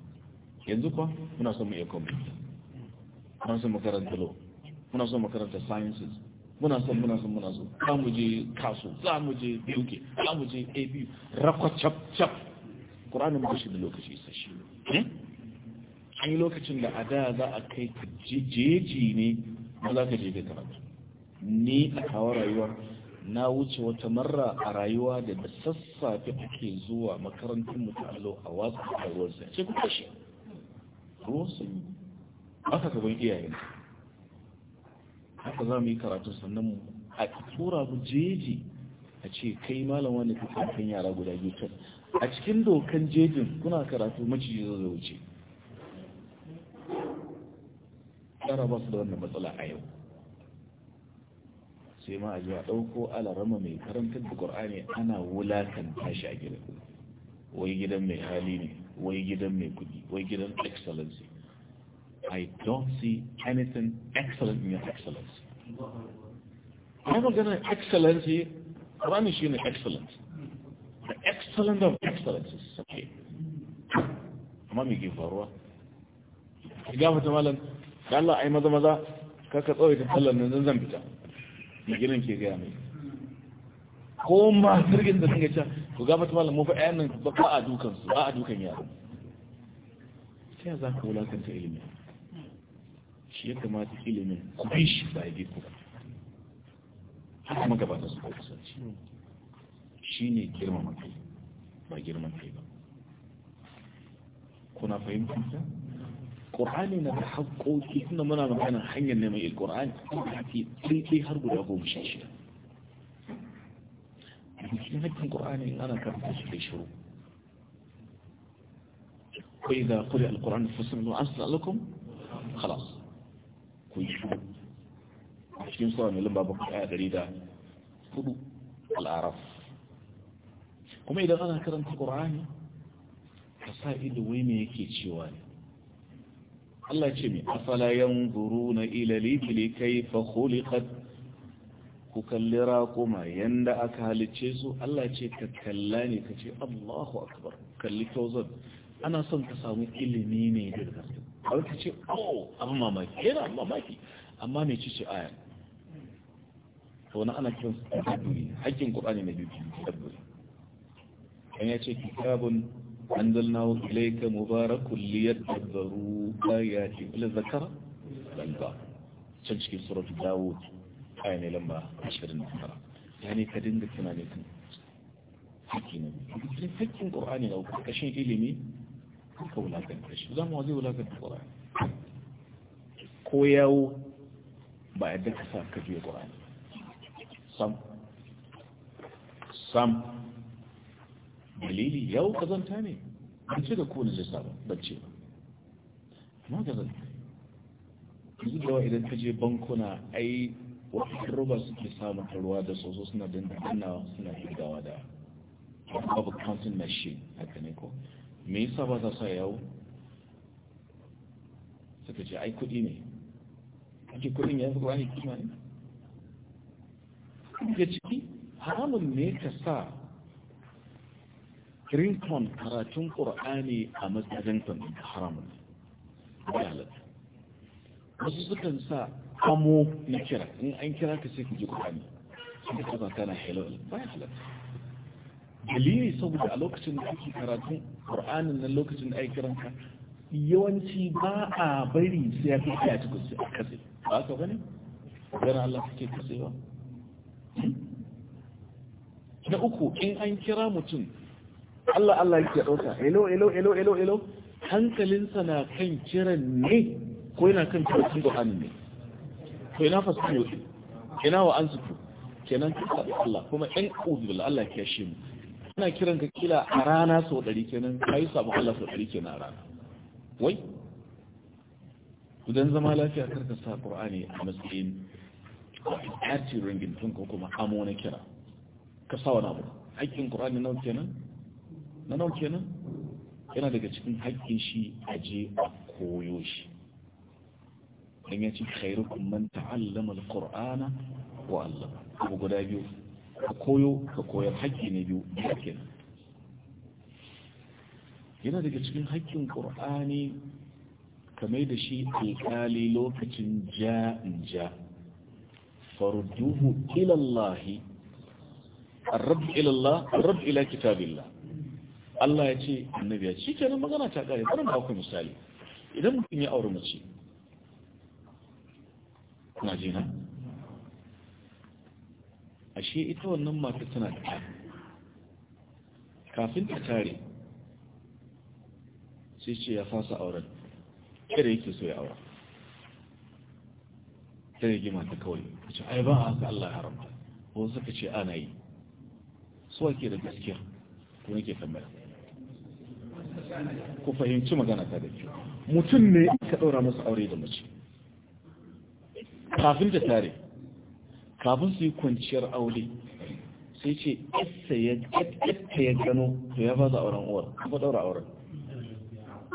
[SPEAKER 1] yanzu kuwa muna son mu iya kwamfuta muna son makaranta law muna son makaranta sciences muna son muna son muna so za mu je kaso za mu je uk za mu je abu rakwa cap cap ƙuranin ba shi da lokaci shi eh? an yi lokacin da a da za a kai ka jeji ne ma za ka je ka karatu ni a kawo rayuwa na wuce wata marra a rayuwa da da sassafe ake zuwa makarantar mutalo a watsa a ruwan sai ku shi. ruwan sanyi ba ka gaban iyayen haka za mu yi karatu sannan a tura mu jeji a ce kai malam wani ka kan yara guda biyu ta. a cikin dokan jejin kuna karatu maciji zai wuce yara ba su da wannan matsala a yau sai ma a ji a ɗauko alarama mai karantar da ƙur'ani ana wulakanta tashi a gidan wai gidan mai hali ne wai gidan mai kudi wai gidan excellency I don't see anything excellent in your excellence. I'm not going to excellence here. Quran you showing excellence. The excellence of excellence is Okay. Amma mai faruwa. Gafa ta malam, da Allah a yi maza maza, kaka tsawai ta tallan nan zan fita. Mai ginin ke gaya mai. Ko ma jirgin da suka ce, ku gafa ta malam, mafi ayan nan ba a dukansu, ba a dukan yaro. Ta yi za ka wulakanta ilimi. shi ya kamata ilimin ku shi ba ya bi ba kuma gaba da suka kusanci shi ne girmama kai ba girman kai ba kuna fahimta ƙorani na da haƙoƙi tunda muna magana hanyar neman yi ƙorani kuma haƙi ɗaiɗai har guda goma shi shida cikin haƙƙin ƙorani ana karfafa shi da shiru وإذا قرئ القرآن فاستمعوا أنصت لكم خلاص ku yi shi a cikin sura mai lamba bakwai ɗaya da hudu al'araf kuma idan ana karanta ƙur'ani ka sa ido wai me yake cewa ne Allah ce mai na yanzuruna ila libli kayfa khuliqat ku kalli rakuma yanda aka halice su Allah ce ka kalla ne ka ce Allahu akbar kalli tauzan ana son ka samu ilimi ne da gaske a wata ce oh abin mamaki yana mamaki amma mai ci ce aya to wani ana kiran su tadabburi hakkin qur'ani na biyu tadabburi kan ya ce kitabun na mubarak anzalnahu ilayka mubarakun liyadabbaru ayati ila zakara dan ba can cikin suratul dawo aya ne lamba 29 yani ka dinga tunani kan hakki na biyu hakkin qur'ani na uku kashin ilimi ka wulakanta shi zama wa zai wulakanta ƙwararri ko yawo ba yadda ka sa ka juya ƙwararri sam sam dalili yawo kazanta ne an ce da kowane jasa ba bacce ba amma kazanta yanzu da idan ta je bankuna ai wata roba suke samun ruwa da soso suna dandawa suna hirgawa da babu counting machine haka ne me yasa ba sa sa yawo suka ce ai kuɗi ne ake kuɗin ya fi ne kima ne ga ciki haramun ne ka sa rinkon karatun ƙur'ani a matsayin ka haramun ne ba halatta wasu sukan sa amo na kira in an kira ka sai ku ji ƙur'ani sun ka kaza kana halal ba halatta dalili saboda a lokacin da ake karatun ƙur'anin nan lokacin da ake kiranka yawanci ba a bari sai ya fi a cikin kusa a katse ba ka bane gana Allah kake ba. na uku in an kira mutum Allah Allah yake ɗauka elo elo elo elo elo hankalinsa na kan kiran ne ko yana kan karatun ƙur'anin ne Ko ina fasa yau ina wa an ke kenan kasa Allah kuma ɗan ƙudu Allah ya shi mu ana kiran ka kila a rana sau ɗari kenan ka yi samu Allah sau ɗari kenan a rana wai idan zama lafiya kar ka sa ƙur'ani a matsayin ƙarfi ringin tun ko kuma amo na kira ka sa wani abu haƙƙin ƙur'ani na kenan na nau kenan yana daga cikin haƙƙin shi a je a koyo shi dan ya ce khairukum man ta'allama al-qur'ana wa 'allama abu guda biyu ka koyo ka koyar haƙƙi ne biyu biyar kenan yana daga cikin haƙƙin ƙur'ani kamar da shi alƙali lokacin ja'in ja farduhu ilallahi الرب ilallah الله الرب إلى Allah ya ce annabi ya ce kenan magana ta kare ƙarin ba ku misali idan mutum ya aure mace na jina ashe ita wannan mata tana da ta kafin ta tare sai ce ya fasa auren kare yake so ya aura ta rage mata kawai ta ce ai ba haka Allah ya haramta ko suka ce ana yi su ke da gaskiya ko ke tambaya ku fahimci magana ta da ke mutum ne ka ɗaura masa aure da mace kafin ta tare kafin su yi kwanciyar aure sai ce ƙasa ya gano to ya faza auren uwar kuma ɗaura auren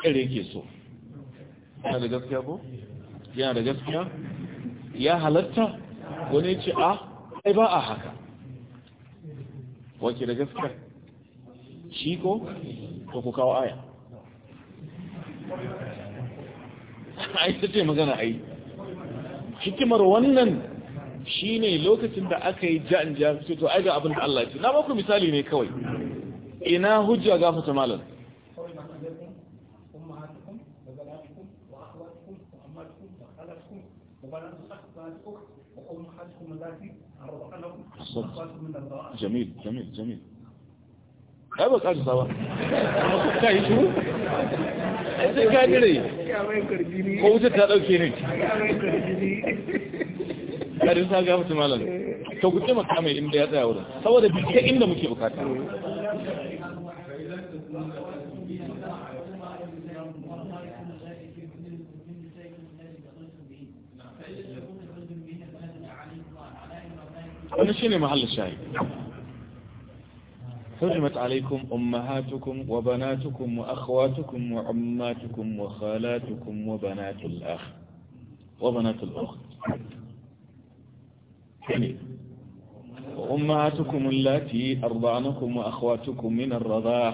[SPEAKER 1] ƙere ke so yana da gaskiya ko? yana da gaskiya ya halatta wani ce a ai ba a haka wake da gaskiya shi ko to ku kawo aya yi ta ce magana a yi. hikimar wannan shine lokacin da aka yi ja'in ja su to ai ga abin da Allah ya ce na ba ku misali ne kawai ina hujja ga fata malam جميل جميل جميل هذا قال سوا kai shi sai ka dire
[SPEAKER 2] ko wuce ta dauke ne
[SPEAKER 1] karin sa gafa malam ka guje maka mai inda ya tsaya wurin saboda duk ta inda muke bukata wani shi ne mahallin shayi حرمت عليكم أمهاتكم وبناتكم وأخواتكم وعماتكم وخالاتكم وبنات الأخ وبنات الأخت كني وأمهاتكم التي أرضعنكم وأخواتكم من الرضاع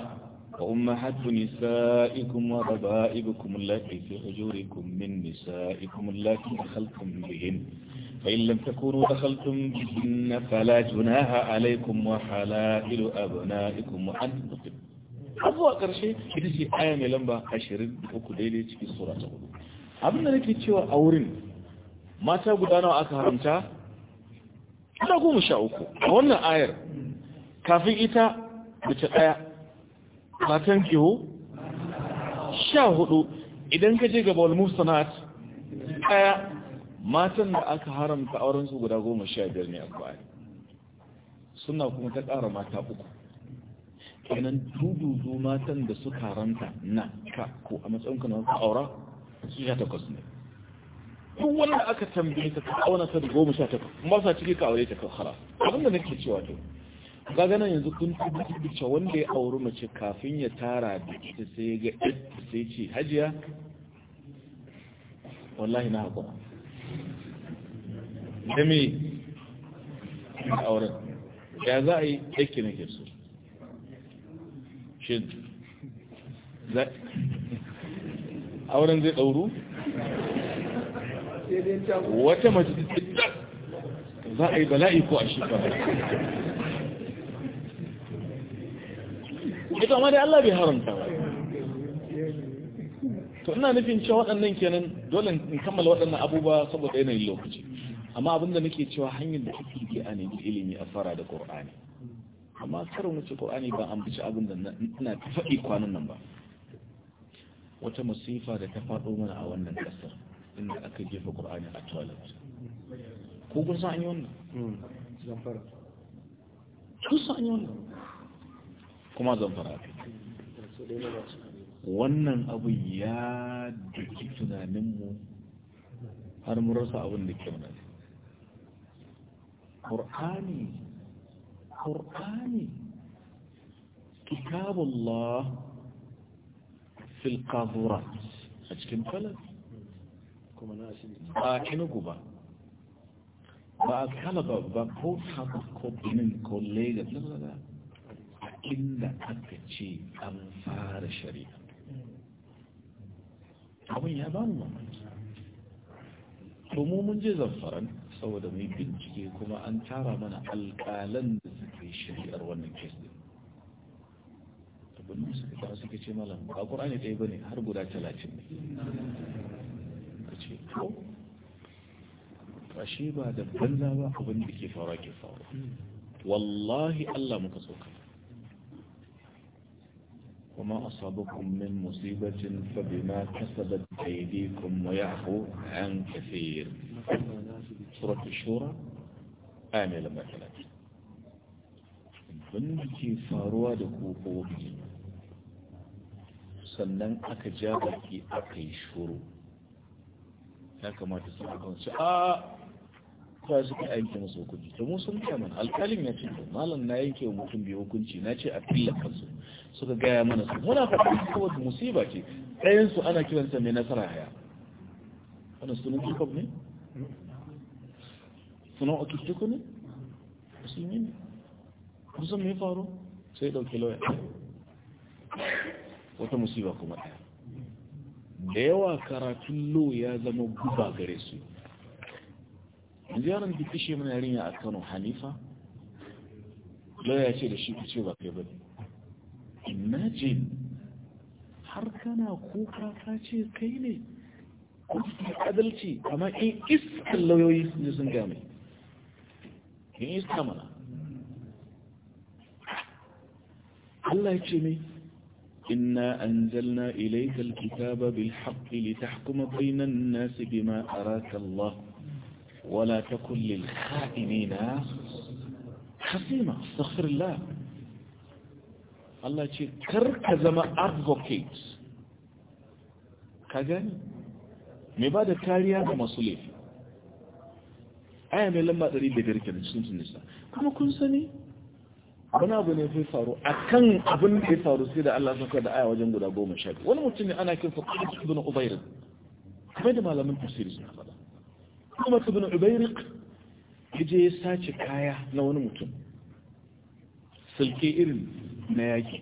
[SPEAKER 1] وأمهات نسائكم وربائبكم التي في حجوركم من نسائكم التي دخلتم بهن فإن لم تكونوا دخلتم بهن فلا جناها عليكم وحلائل أبنائكم وأن تقدموا abuwa ƙarshe ita ce aya mai lamba ashirin uku daidai cikin sura ta hudu abinda nake cewa a wurin mata guda nawa aka haramta guda goma sha uku a wannan ayar kafin ita mace ɗaya matan kiwo sha hudu idan ka je ga balmuf sanat ɗaya matan da aka haramta aurensu guda goma sha biyar ne a baya suna kuma ta ƙara mata uku kenan dududu matan da suka haramta na ka ko a matsayinka na aura su sha takwas ne duk wanda aka tambaye ka ka auna ta da goma sha takwas ba sa cike ka aure ta ka hara abin da nake cewa to ga ganin yanzu kun tabbata wanda ya auri mace kafin ya tara da ita sai ya ga sai ce hajiya wallahi na hakura da me auren ya za a yi aiki na ke so shi [laughs] auren zai ɗauru wata mace za a yi bala'i ko a ita ma dai Allah bai haramta to ina nufin cewa waɗannan kenan dole in kammala waɗannan abubuwa saboda yanayin lokaci amma abinda nake cewa hanyar da ake bi a nemi ilimi a fara da ƙor'ani amma karin wuce ƙur'ani ba an bici abin da ina faɗi kwanan nan ba wata masifa da ta faɗo mana a wannan ƙasar inda aka jefa qur'ani a toilet ko kun san an yi wannan zamfara kun san an yi wannan kuma zamfara wannan abin ya duki tunaninmu har mun rasa abin da ke nan ƙur'ani ƙur'ani kitabullah fil qaburat a cikin falas kuma na ba ba ba a kala ba ko haka ko benin ko lagos lalala a inda aka ce an fara shari'a abin ya ba mu mamaki domin mun je zamfaran saboda mai bincike kuma an tara mana alƙalan da suke shari'ar wannan kes din abin da suka ce malam ba ƙur'ani ɗaya ba ne har guda talatin ne ce to ashe ba da banza ba abin da ke fara ke faru wallahi Allah muka soka وما أصابكم من مصيبة فبما كسبت أيديكم ويعفو عن كثير سورة الشورى آية لما كانت بنتي فاروا دكوكو sannan aka ja baki aka yi shuru ya kamata su a kansu a ta su ka yanke masu hukunci ta musu sun kama alkalin ya ce da malam na yanke wa mutum biyu hukunci na ce a fila kansu suka gaya mana su muna faɗa saboda musiba ce ɗayansu ana kiransa mai nasara haya wannan sunan jacob ne sunan okitiko ne musulmi ne kusan mai faru sai ɗauki lauya wata musiba kuma ɗaya da yawa karatun lo ya zama guba gare su ziyarar da kashe mana yarinya a kano hanifa ya ce da shi ku ce ba kai ba imagine har kana kuka ka ce kai ne adalci amma in iskan lauyoyi sun sun game in iska mana Allah ya ce mai إنا أنزلنا إليك الكتاب بالحق لتحكم بين الناس بما أراك الله ولا تكن للخائنين خصيمة استغفر الله الله يقول كرك زما أدفوكيت كذلك مبادة كاريا زما صليف أعمل آية لما تريد بيركة نسلم سنسا كما كنسني wani abu ne sai faru a kan abin da ya faru sai da Allah sun da aya wajen guda goma sha biyu wani mutum ne ana kinsa su bin Ubayr kuma da malamin tafsiri suna faɗa kuma su bin yaje ya sace kaya na wani mutum silke irin na yaƙi.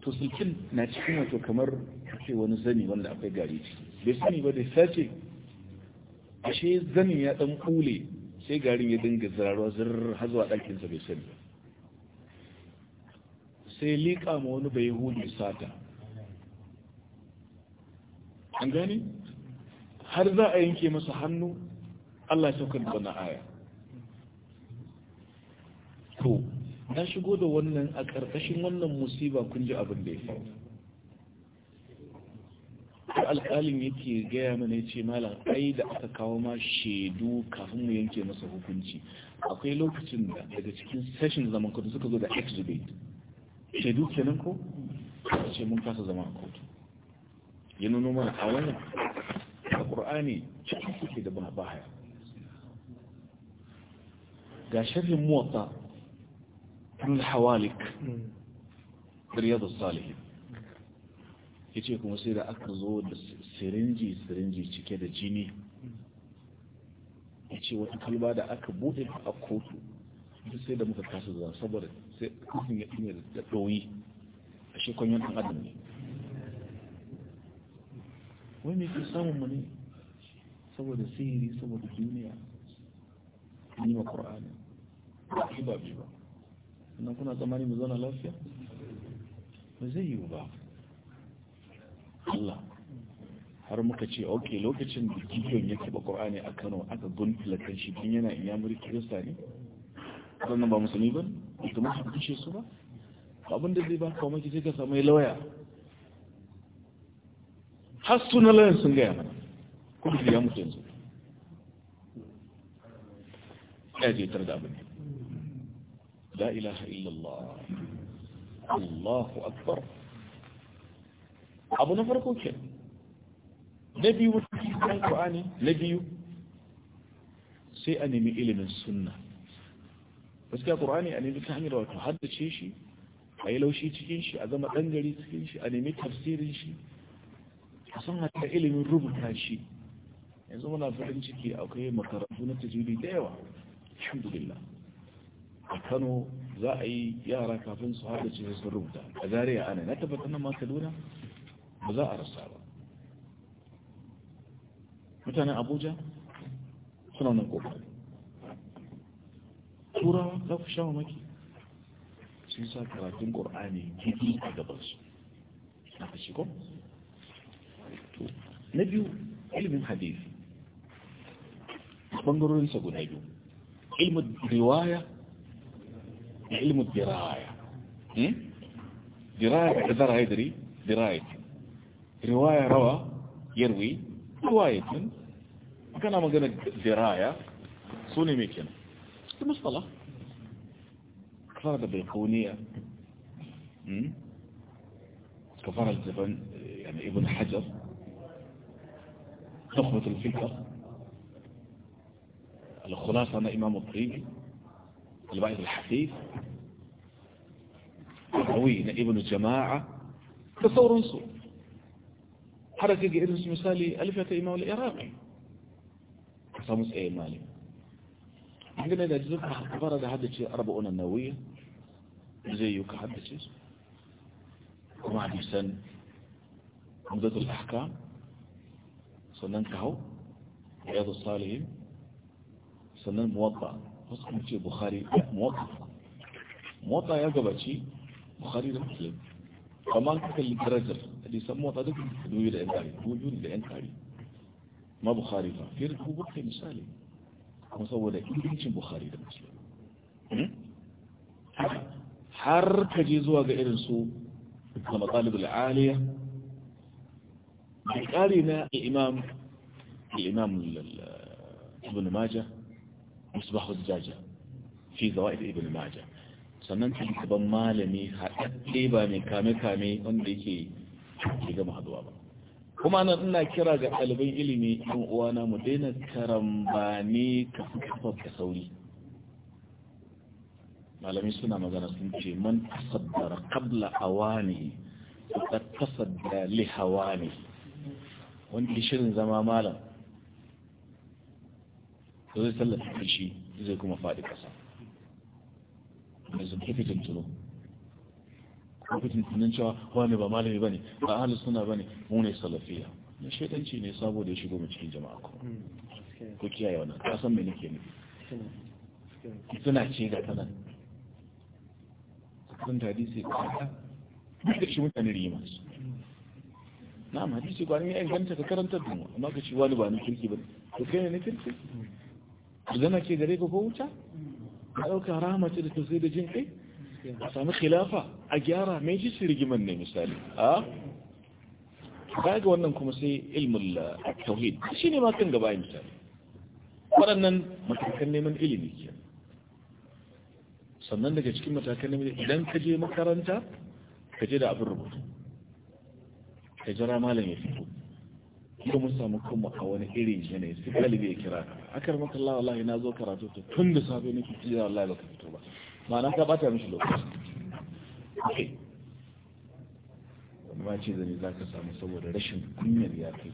[SPEAKER 1] to sulkin na cikin wato kamar ce wani zani wanda akwai gari ciki bai sani ba da sace ashe zani ya ɗan kule sai garin ya dinga zirarwa zirar har zuwa ɗakinsa bai sani ba sai liƙa ma wani bai hudu sata an gani har za a yanke masa hannu Allah ya da wani aya to na shigo da wannan a ƙarƙashin wannan musiba kun ji abin da ya faru ko alƙalin yake gaya mana ya ce malam ai da aka kawo ma shaidu kafin mu yanke masa hukunci akwai lokacin da daga cikin session zaman kudu suka zo da exhibit shaidu kenan ko ce mun kasa zama a kotu ya nuno mana a wannan a ƙur'ani cikin kuke da ba haya ga sharrin muwatsa rul hawalik da salihin ya ce kuma sai da aka zo da sirinji sirinji cike da jini ya ce wata kalba da aka bude a kotu sai da muka kasa zama saboda sai kufin ya ɗine da ɗoyi a shekwan ɗan adam ne wai mai ke samun mu ne saboda sihiri saboda duniya ni ma ƙur'ani ba shi ba bi ba sannan kuna tsammani mu zauna lafiya ba zai yi ba Allah har muka ce ok lokacin da gidiyon ya taɓa ƙwa'ani a kano aka gunfila kan shi tun yana inyamuri kirista ne? ƙwarnan ba musulmi ba ne? domin haka kashe su ba abin da zai ba kawo maki sai ka samu ya lawaya har suna layan sun gaya mana kuma ya mutu yanzu ya je tar da abin la ilaha illallah Allahu akbar abu na farko ke na biyu wata cikin ƙwa'ani na biyu sai a nemi ilimin sunna gaskiya qur'ani a nemi ta hanyar wato haddace shi a yi laushi cikin shi a zama dan gari cikin shi a nemi tafsirin shi a san hata ilimin rubuta shi yanzu muna farin ciki akwai makarantu na tajiri da yawa alhamdulillah a kano za a yi yara kafin su haɗa ce sun rubuta a zariya ana na tabbata nan ma ba za a rasa ba mutanen abuja suna nan ƙoƙari turawa za ku sha mamaki sun sa karatun ƙor'ani gidi a gabansu na fashe ko? na biyu ilimin hadisi ɓangarorinsa guda biyu ilimin riwaya da ilimin diraya diraya da ƙazara haidari diraya riwaya rawa yarwi riwayatin kana magana diraya su ne mai kenan بس مصطلح كفارة بيقونية كفارة الجبن يعني ابن حجر نخبة الفكر الخلاصة أنا إمام الطريق البعض الحديث قوي ابن الجماعة تصور انصر حركة جئرس مثالي ألفة إمام العراقي حسام إيه مالي عندنا إذا جزء فرد هذا الشيء أربع أنا النووية زيك هذا الشيء وما حسن مدة الأحكام سنن كهو عياض الصالحين سنن موطع فصل شيء بخاري موطع موطع يا جبتي بخاري المسلم فما كنت اللي ترجر اللي سموه هذا كنت نويل الانتاري وجود الانتاري ما بخاري فا في ركوبك مثالي kuma saboda ingancin bukhari da muslim har ka je zuwa ga irin su na aliya aliyah alƙari na imam imam ibn majah musbah al الزجاجة fi zawaid ibn majah sannan ta babban malami haɗaɗɗe ba ne kame-kame wanda yake shiga mahaduwa ba kuma nan ina kira ga ɗaliban ilimi yan uwana mu daina karambani ka da sauri malami suna magana sun ce man tasaddara qabla awani faqad tasadda li hawani wanda shirin zama malam to zai sallata shi zai kuma faɗi ƙasa mai zai tafi tuntuno ko fitin tunan cewa ne ba malami ba ne ba ahli sunna bane mu ne salafiya na shedanci ne sabo da ya shigo mai cikin jama'a ko
[SPEAKER 2] hmm,
[SPEAKER 1] ku kiyaye wannan ka san me nake
[SPEAKER 2] nufi
[SPEAKER 1] suna ce ga tana kun hadisi ka duk da shi mutane rima su hmm. na'am hadisi kwanin ya inganta ka karanta da mu amma ka ci wani ba na kirki ba to kai ne na kirki zana hmm. ke gare ka ko wuta ka ɗauka rahama ce da tausayi da jin kai a sami khilafa a gyara mai ji sirgiman ne misali a baya ga wannan kuma sai ilmin eh, tauhid shi ne makon gaba yin misali waɗannan matakan neman ilimi ke sannan daga cikin matakan neman idan ka je makaranta ka je da abin rubutu ka jira malam ya fito ko mun samu kuma a wani irin yanayi sai galibi ya kira akar makallawa wallahi na zo karatu tun da safe nake jira wallahi ba ka fito ba ma'ana ka bata mishi lokaci Wani ma ce zane za ka samu saboda rashin kunyar ya kai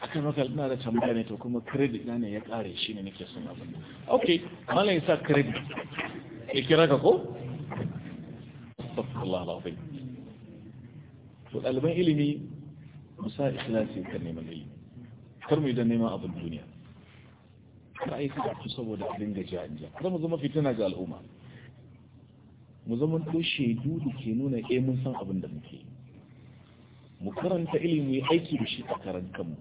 [SPEAKER 1] aka maka ina da tambaya ne to kuma kredit na ne ya kare shi ne nake son abin Ok, malam sa kredit ya kira ka ko astaghfirullah alazim to ɗaliban ilimi musa ikhlasi kan neman ilimi kar mu idan neman abin duniya ka a yi karatu saboda a dinga jihar jiya. kar zama fitina ga al'umma mu zaman to shaidu da ke nuna eh mun san abin da muke mu karanta ilimi aiki da shi a karan kanmu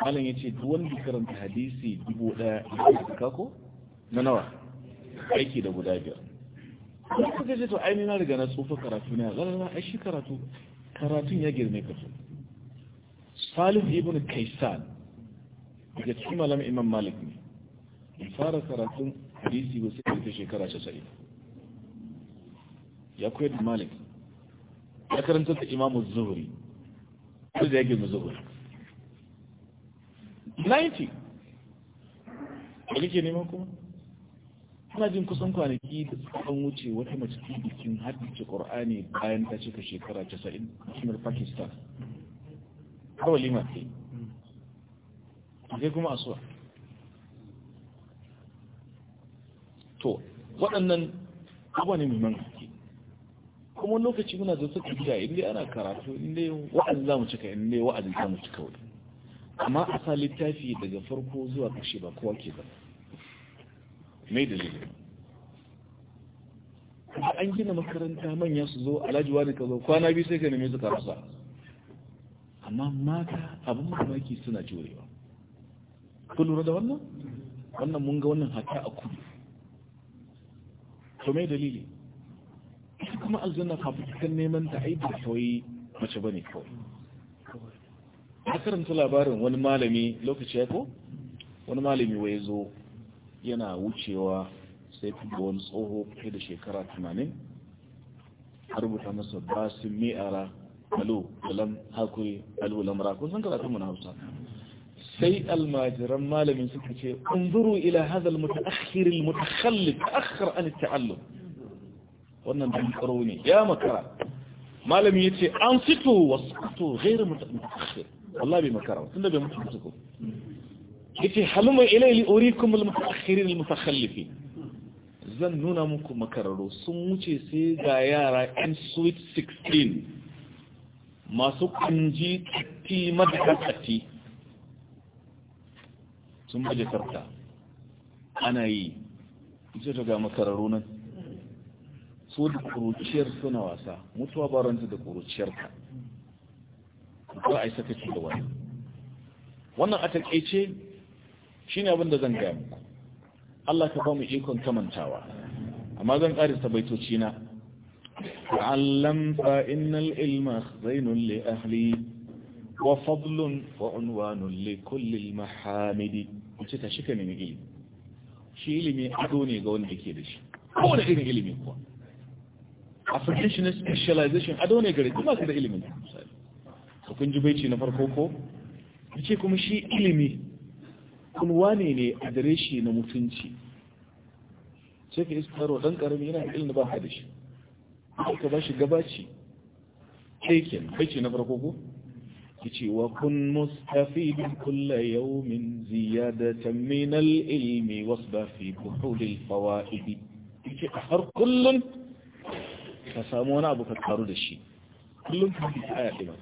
[SPEAKER 1] malam ya ce duk wanda karanta hadisi dubu ɗaya da kako na nawa aiki da guda biyar kuma kuka ce to ainihin na riga na tsofa karatu na lalala a shi karatu karatun ya girme ka so salif ibn kaisan daga cikin malam imam malik ne fara karatun hadisi ba sai ta shekara 90 ya koyar da malik ya karanta da imamu zuhuri ko da ya girma zuhuri 90 Ba kake neman kuma ana jin kusan kwanaki da tsakon wuce wata mace ta bikin haddace ƙor'ani bayan ta cika shekara 90 kimar pakistan har walima ke yi sai kuma asuwa to waɗannan abuwa ne manga kuma lokaci muna da suka gida inda ana karatu inda wa'azi za mu cika inda wa'azi za mu cika wani amma a sa littafi daga farko zuwa kashe ba kowa ke zama mai dalilin an gina makaranta manya su zo alhaji wani ka zo kwana biyu sai ka nemi su karasa amma mata abin mamaki suna jurewa ku lura da wannan wannan mun ga wannan hata a kudu to mai dalili ita kuma aljanna kafin kan neman ta aiki da kawai mace ba ne kawai a karanta labarin wani malami lokaci ya ko wani malami wai zo yana wucewa sai fi wani tsoho kai da shekara 80 a rubuta masa ba basin mi'ara alo alam hakuri alo lamra kun san karatun mu na hausa sai almajiran malamin suka ce unzuru ila hadha almutaakhir almutakhallif ta'akhkhar an at-ta'allum wannan da karo ne ya makara malami ya ce an fito wasu kato zai gairu mutakakhir wallahi bai makara tun da bai mutu mutu ko yace haluma ilayli urikum al-mutakhirin al-mutakhallifin zan nuna muku makararo sun wuce sai ga yara yan sweet 16 masu kunji ti madaka kati sun baje karta ana yi ita ta ga makararo nan su da kuruciyar suna wasa mutuwa ba ranta da kuruciyarka ba a yi sakaci da wani wannan a takaice shi ne da zan gaya muku Allah ka ba mu ikon kamantawa amma zan ƙarisa baitoci na ta'allam fa innal ilma zainun li ahli wa fadlun wa unwanun li kulli mahamidi ce ta shika ne ilimi shi ilimi ado ne ga wanda yake da shi kowane irin ilimi kuwa application specialization a daunai gare kuma su da ilimin su kun ji baici na farko ko ya ce kuma shi ilimi Kun ne ne a dare shi na mutunci sai ka iskarwa ɗan ƙarami yana da ilimin ba ha da shi ka ba shi gabaci keken baici na farko ko ya ce wa kun mustafidin kulla yaumin ziyadatan min al-ilmi wasba fi buhulil fawaidi ya ce a har kullum ka samu wani abu ka karu da shi kullum ka ci aya ɗaya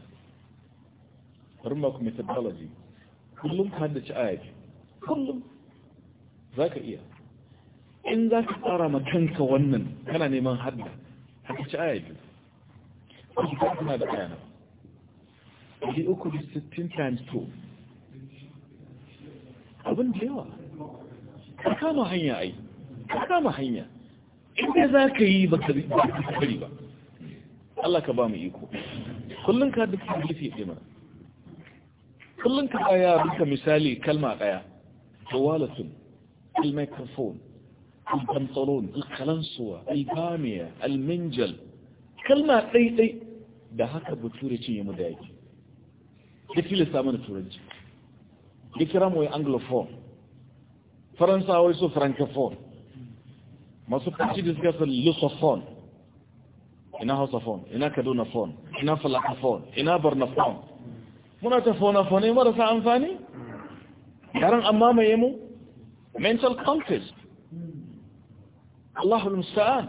[SPEAKER 1] bari ma ku methodology kullum ka ci aya ɗi kullum za ka iya in za ka tsara ma kanka wannan kana neman hadda ci aya ɗi kuma ka tana da aya na ɗi uku da sittin times two abin da yawa ka kama hanya ai ka kama hanya inda za ka yi ba ka ba Allah ka ba mu iko kullum ka duk rufe ɗi mana kullum ka ɗaya duka misali kalma ɗaya tawalatun al-microphone al-pantalon al-kalansuwa al-bamiya al-minjal kalma ɗaiɗai da haka bature cinye mu da yake da filista mana turanci ya kira mu ya anglophone faransawai so francophone masu kwanci da suka fi lusofon ina hausafon ina Kaduna fon, ina falakafon ina barnafon muna ta fonafone marasa amfani yaran mai yi mu mental contest Allahul musta'an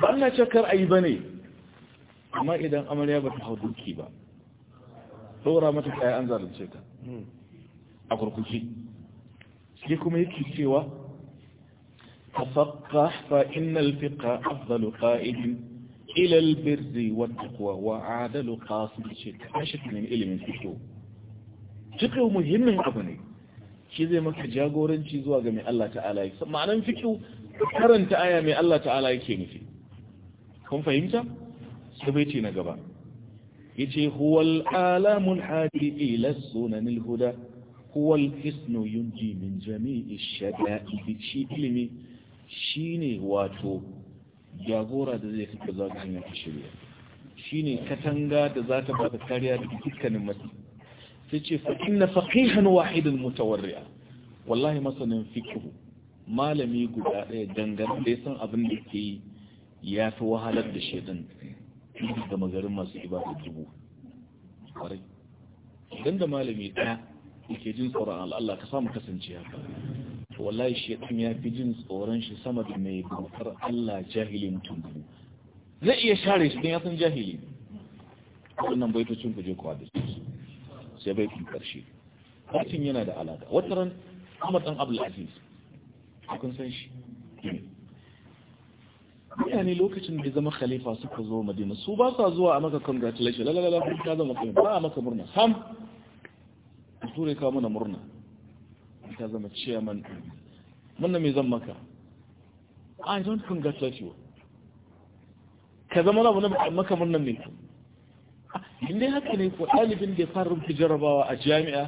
[SPEAKER 1] ba na cakar ayi bane amma idan amarya ba ta hau duki ba dora mata kaya an zalunce ta a kurkuki sai kuma yake cewa ففقه فإن الفقه أفضل قائد إلى البر والتقوى وعادل قاصد شيء عشق من ilimin fito fiqh muhimmin abu ne shi zai maka jagoranci zuwa ga mai Allah ta'ala yake ma'anan karanta aya mai Allah ta'ala yake nufi kun fahimta sabaiti na gaba yace huwal alamul hadi ila sunanil huda huwal hisnu yunji min jami'i shi ilimi shine wato jagora da zai fita za ka hanyar ta shirya shine katanga da za ta baka kariya da dukkanin matsi sai ce fa na faqihan wahidin mutawarriya wallahi masanin fikihu malami guda ɗaya dangane da ya san abin da ke yi ya fi wahalar da shaidan da magarin masu ibada dubu kwarai idan da malami ɗaya ke jin tsoron Allah ka samu kasance haka to wallahi shaitan ya fi jin tsoron shi sama da mai bautar Allah jahilin tunani zai iya share shi don ya san jahili wannan baitocin ku je kuwa da su sai baitin karshe baitin yana da alaka wata ran Ahmad ɗan Abdul Aziz kun san shi mutane lokacin da zama khalifa suka zo Madina su ba sa zuwa a maka congratulations la la la kun ka zama kai ba a maka murna sam turai kawo mana murna ka zama chairman munna mai zan maka i don't congratulate you ka zama na abin maka murnan ne inda dai haka ne ko ɗalibin da ya fara rubuta jarabawa a jami'a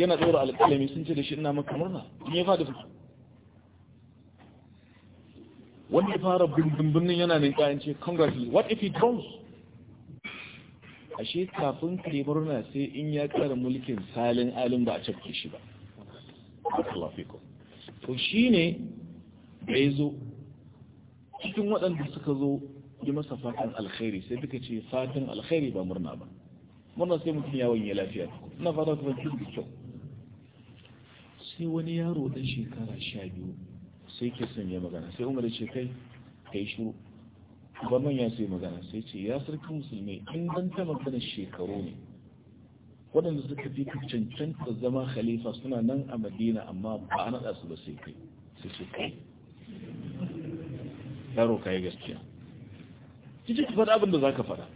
[SPEAKER 1] yana ɗora alƙalami sun ce da shi ina maka murna in ya fada fito wanda ya fara bindin yana ne ƙayan ce congratulate what if he comes ashe kafin ka yi murna sai in ya kara mulkin salin alin ba a cakke shi ba Allah fikum to shine da ya zo cikin waɗanda suka zo yi masa fatan alkhairi sai duka ce fatan alkhairi ba murna ba murna sai mutum ya wanye lafiya ina fata ku fahimci da kyau sai wani yaro ɗan shekara sha biyu sai ke sanya magana sai umar ce kai kai shiru ba manya sai magana sai ce ya sarki musulmi in dan ta magana shekaru ne waɗanda suka fi cancanta zama khalifa suna nan a madina amma ba a naɗa su ba sai kai sai su kai yaro ka yi gaskiya cikin ki faɗa abin da za ka faɗa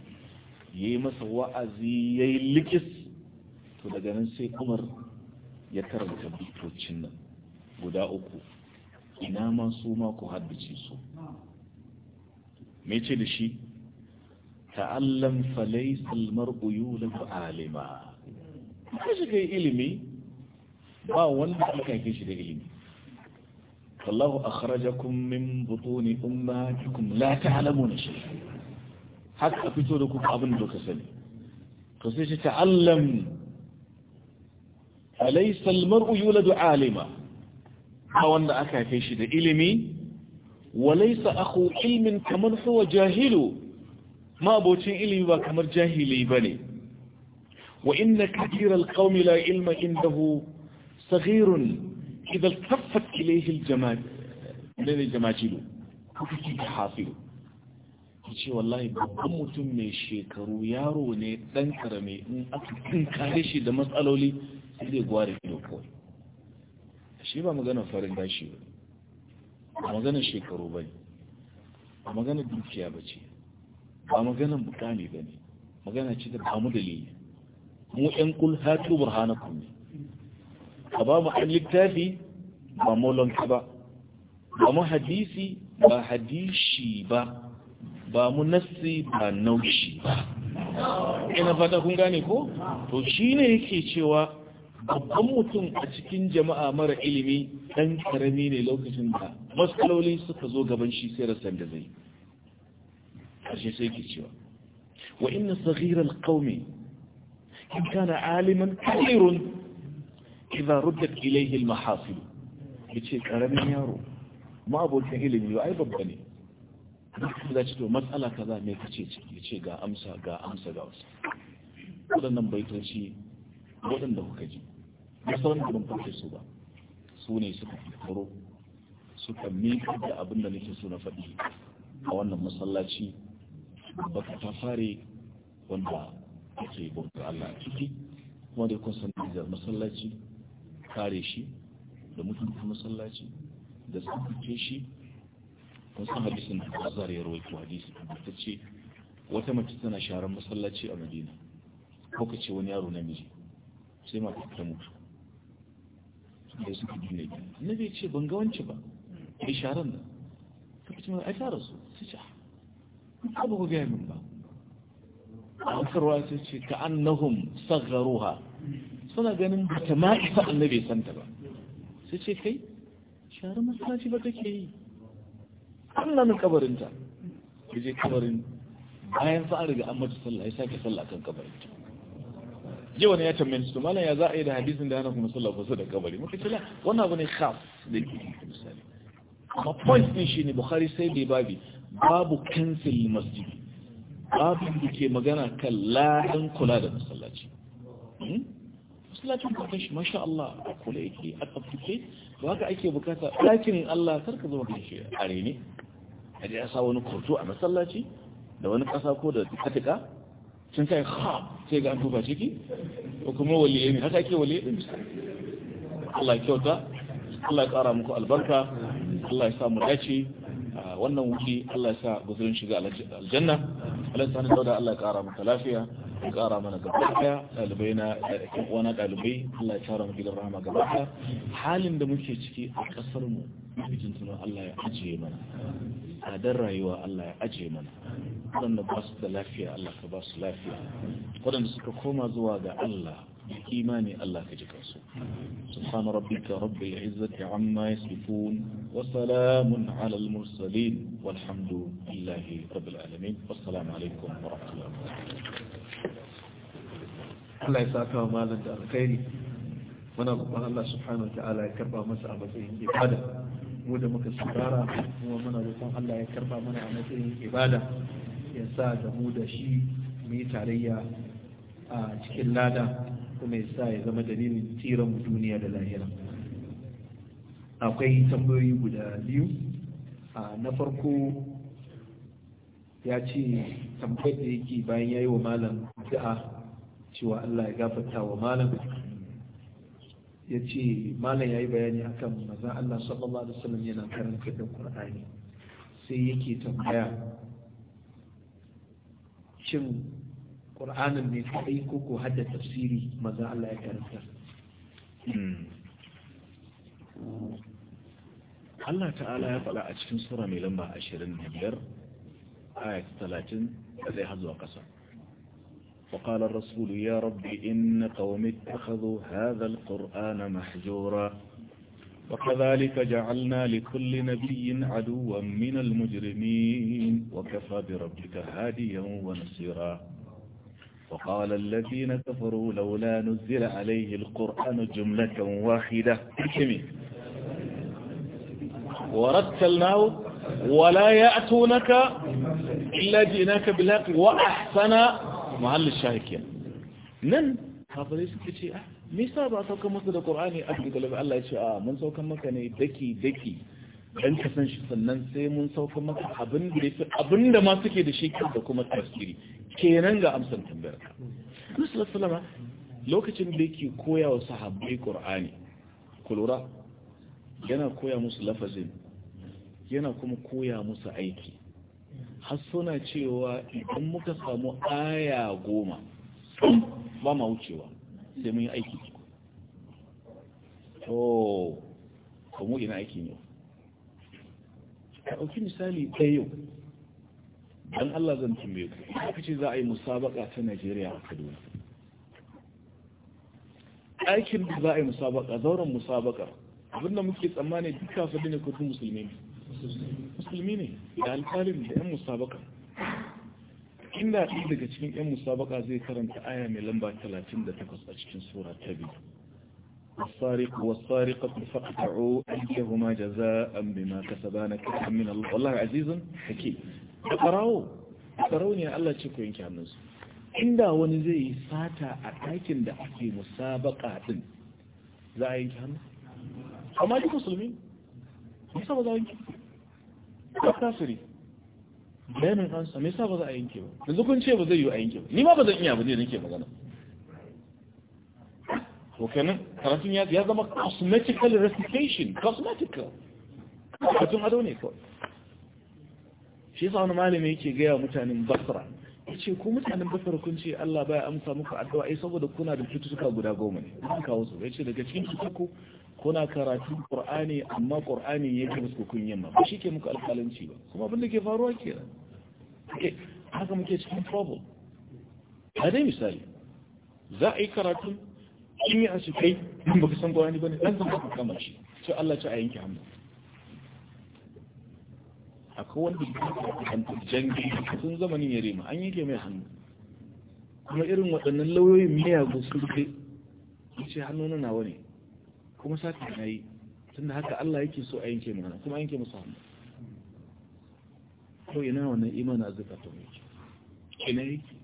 [SPEAKER 1] ya yi masa wa'azi ya yi likis to daga nan sai umar ya karanta bitocin nan guda uku ina ma su ma ku haddace su me ce da shi ta'allam falaisal mar'u yulad alima ka shi kai ilimi ba wanda aka yake shi da ilimi wallahu akhrajakum min butuni ummatikum la ta'lamuna shay haka fito da kuka abin da ka sani to sai shi ta'allam alaysa almar'u yuladu alima ba wanda aka yake shi da ilimi walaysa akhu ilmin kamar huwa jahilu ma abocin ilimi ba kamar jahili bane وإن كثير القوم لا علم عنده صغير إذا التفت إليه الجمال إليه الجماجيل كيف حافظ ce wallahi babban mutum mai shekaru yaro ne dan karame in aka kare shi da matsaloli sai zai gware ido kawai shi ba maganar farin gashi ba ba maganar shekaru ba ba maganar dukiya ba ba maganar magana ce da ba mu mu 'yan kul hatu burhanakum ne ka ba mu an littafi ba maulanka ba ba mu hadisi ba hadishi ba ba mu nassi ba naushi ba ina fata kun gane ko to shine yake cewa babban mutum a cikin jama'a mara ilimi dan karami ne lokacin da matsaloli suka zo gaban shi sai rasan da zai karshe sai ke cewa wa inna saghiral qaumi in كان aliman kabirun idza ردت ilayhi المحاصيل mahasil yace يارو yaro ma abokin ilimi ba ai babba ne za ci to matsala kaza me ce ga amsa ga amsa ga wasa. waɗannan baitoci waɗanda kuka ji da sauran da ban fahimce su ba su ne suka fitaro suka miƙa da abin da nake so na faɗi a wannan masallaci baka ta fare wanda ake bautar Allah a ciki kuma dai kun san da masallaci kare shi da mutunta masallaci da tsabtace shi kun san hadisin da Bukhari ya rawaito hadisi ta ce wata mace tana sharan masallaci a Madina ko ka ce wani yaro namiji sai ma ta mutu da suka gina gina na bai ce ban ga wance ba ai sharan nan ta ce cimar ah, ai su rasu ta ce ba ku gaya min ba a wasu ruwa sai ce ka annahum sagharuha suna ganin ba ta ma isa annabi santa ba sai ce kai share masallaci ba take yi Allah na kabarinta ya je kabarin bayan sa riga an mata sallah ya sake sallah kan kabarinta je wani ya tambaye su malam ya za a yi da hadisin da hana kuma sallah kusa da kabari muka ce la wannan abu ne khas da ke misali amma point din shine bukhari sai dai babi babu kansil masjidi babin da ke magana kan la'in kula da masallaci hmm? masallacin kwakwai shi masha Allah a kula yake a tsaftace ba haka ake bukata ɗakin Allah ka zama kan shi a rene a ya sa wani koto a masallaci da wani ƙasa ko da katika sun kai ha sai ga an tuba ciki ko kuma wali ne haka ake wali ɗin Allah ya kyauta Allah ya ƙara muku albarka Allah ya sa mu dace wannan wuri Allah ya sa guzurin shiga aljanna malam sanin dauda Allah ya kara maka lafiya ya kara mana gabata dalibai na ƴan uwana dalibai Allah ya tara mafi gidan rahama gabata halin da muke ciki a kasar mu mafijin tunan Allah ya ajiye mana tsadar rayuwa Allah ya ajiye mana waɗanda ba su da lafiya Allah ka ba su lafiya waɗanda suka koma zuwa ga Allah imani Allah ka ji kansu سبحان ربك رب العزة عما يصفون وسلام على المرسلين والحمد لله رب العالمين والسلام عليكم ورحمة الله وبركاته الله يسعك وما لن تأخيني ونظر الله سبحانه وتعالى يكرب ومسعى بسيهم إبادة مودة مكة السبارة ومن أبطان الله يكرب ومنع نسيهم إبادة يا سادة مودة شيء ميت عليا. تكلادة آه kuma ya sa ya zama dalilin tsiran duniya da lahira akwai tambayoyi guda biyu na farko ya ce tambayar da yake bayan ya yi wa malam da'a cewa Allah ya gafarta wa malam ya ce malam ya yi bayani akan mazan Allah sallallahu alaihi wasallam yana karanta da Qur'ani sai yake tambaya shin قرآن من حقيقك وهدى تفسيري ماذا الله يكرمك الله تعالى يقول أجل سورة ميلما أشيرين هبير آية ثلاثة أذي هزو قصة وقال الرسول يا ربي إن قوم اتخذوا هذا القرآن محجورا وكذلك جعلنا لكل نبي عدوا من المجرمين وكفى بربك هاديا ونصيرا وقال الذين كفروا لولا نزل عليه القرآن جملة واحدة كمي ورتلناه ولا يأتونك إلا جئناك بالحق وأحسن محل الشاهكية نن حافظي سكتشي أه me yasa ba saukan masa da Qur'ani a cikin galibi Allah ya ce a mun saukan maka ne daki daki dan ka san shi sannan sai mun sauka maka abin da yake abin da ma suke da shi da kuma tafsiri kenan ga amsan tambayar ka Rasul sallama lokacin da yake koya wa sahabbai Qur'ani kulura yana koya musu lafazin yana kuma koya musu aiki har suna cewa idan muka samu aya goma ba ma wucewa sai mun yi aiki to kuma ina aiki ne ka ɗauki misali ɗaya yau don Allah zan tambaye ku aka ce za a yi musabaka ta Najeriya a Kaduna aikin da za a yi musabaka zauren musabaka abinda muke tsammani duk da ne kudu musulmi ne musulmi ne da alƙalin da 'yan musabaka inda ɗaya daga cikin 'yan musabaka zai karanta aya mai lamba 38 a cikin sura ta biyu والسارق والسارقة فاقطعوا أيديهما جزاء بما كسبان كثيرا من الله والله عزيز حكيم اقرأوا اقرأوا يا الله تشكوا إنك عنوز عند ونزي ساتا أتاكين دعكي مسابقة لا ينك عنوز أما لك مسلمين ميسا بضع ينك كافري bayanin ansa me yasa ba za a yanke ba yanzu kun ce ba zai yi a yanke ba ni ma ba zan iya ba zai yanke magana to kenan karatun ya zama cosmetical recitation cosmetical karatun ado ne kawai shi yasa wani malami yake gaya mutanen basra ya ce ko mutanen basra kun ce Allah baya amsa muku addu'a ai saboda kuna da cututtuka guda goma ne kun kawo su ya ce daga cikin cututtuku kuna karatu qur'ani amma qur'ani ya ji musu kun yamma ba ke muku alƙalanci ba kuma abin da ke faruwa kenan haka muke cikin trouble a dai misali za a yi karatun a su kai in baka san gwani bane dan zan ka kama shi sai Allah ya ce a yanke hannu akwai wanda ya jangi sun zamanin yare rema an yanke mai hannu kuma irin waɗannan lauyoyin miyagu sun kai ce hannu na nawa ne kuma sati na yi tunda haka Allah yake so a yanke mana kuma yanke musu hannu ko ina wannan imanin azzakatun yake ina yake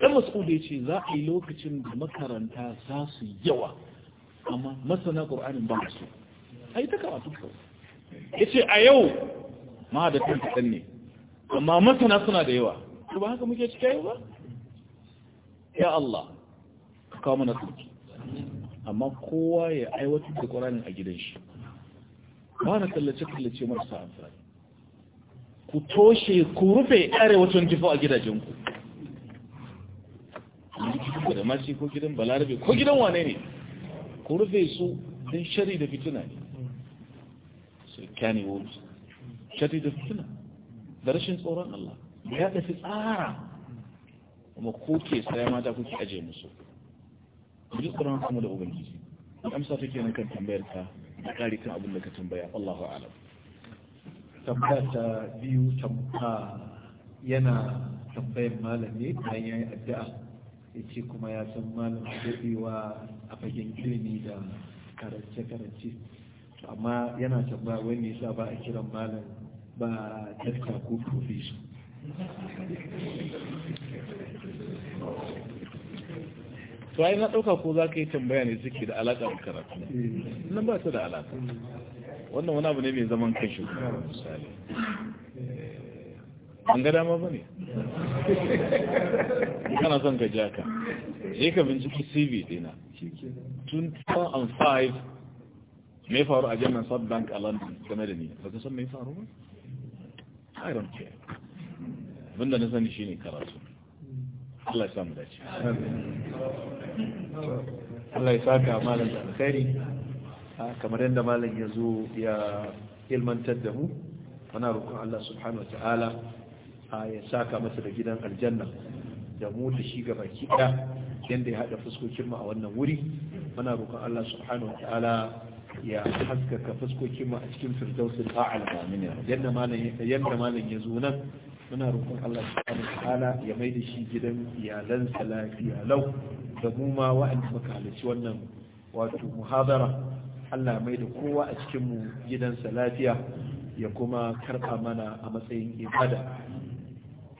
[SPEAKER 1] ɗan mas'ud ya ce za a yi lokacin da makaranta za su yawa amma masana ƙur'anin ba su a yi ta karatu ya ce a yau ma da kan kaɗan ne amma masana suna da yawa ba haka muke cika yau ba ya Allah ka kawo mana tuki. amma kowa ya aiwatar da ƙuranin a gidan shi ba na tallace-tallace marasa amfani ku toshe ku rufe wacan jifo a gidajenku badamaci ko gidan balarabe ko gidan wane ne ku rufe su don shari da fituna ne su kyani wolves shari da fituna da rashin tsoron Allah da ya ɗafi tsara kuma ko ke saya mata kuke aje musu ku ji tsoron kuma da ubangiji in amsa ta kenan kan tambayar ka da ƙari kan abin da ka tambaya Allahu alam biyu tambaya ah, yana tambayar malami bayan ya yi addu'a ya ce kuma ya san malam daɗewa a fagen ilimi da karance-karance amma yana tambaya wani yasa ba a kiran malam ba dakta ko profeso to ai na ɗauka ko za ka yi tambaya ne suke da alaƙa da karatu eh. nan ba su da alaƙa wannan wani abu ne mai zaman kanshi an ga dama ba ne kana son ka ja ka yi ka binciki cv dina 2005 mai faru a jami'an south bank a london game da ni ba ka san mai faru ba i don't care abinda na sani shi ne karatu Allah ya samu dace
[SPEAKER 2] Allah ya saka malam da
[SPEAKER 1] alkhairi ah, kamar yadda malam ya zo ya ilmantar da mu wana rukun Allah subhanahu wa ta'ala a ya saka masa da gidan aljanna da mu ta shi baki da yadda ya haɗa fuskokinmu a wannan wuri muna roƙon Allah subhanahu wa ya haskaka fuskokinmu a cikin firdausul ya yanda malam yadda malam ya zo nan muna roƙon Allah subhanahu wataala ya mai da shi gidan iyalansa lafiya lau da mu ma wa'anda muka halarci wannan wato muhabara Allah mai da kowa a cikinmu gidansa lafiya ya kuma karɓa mana a matsayin ibada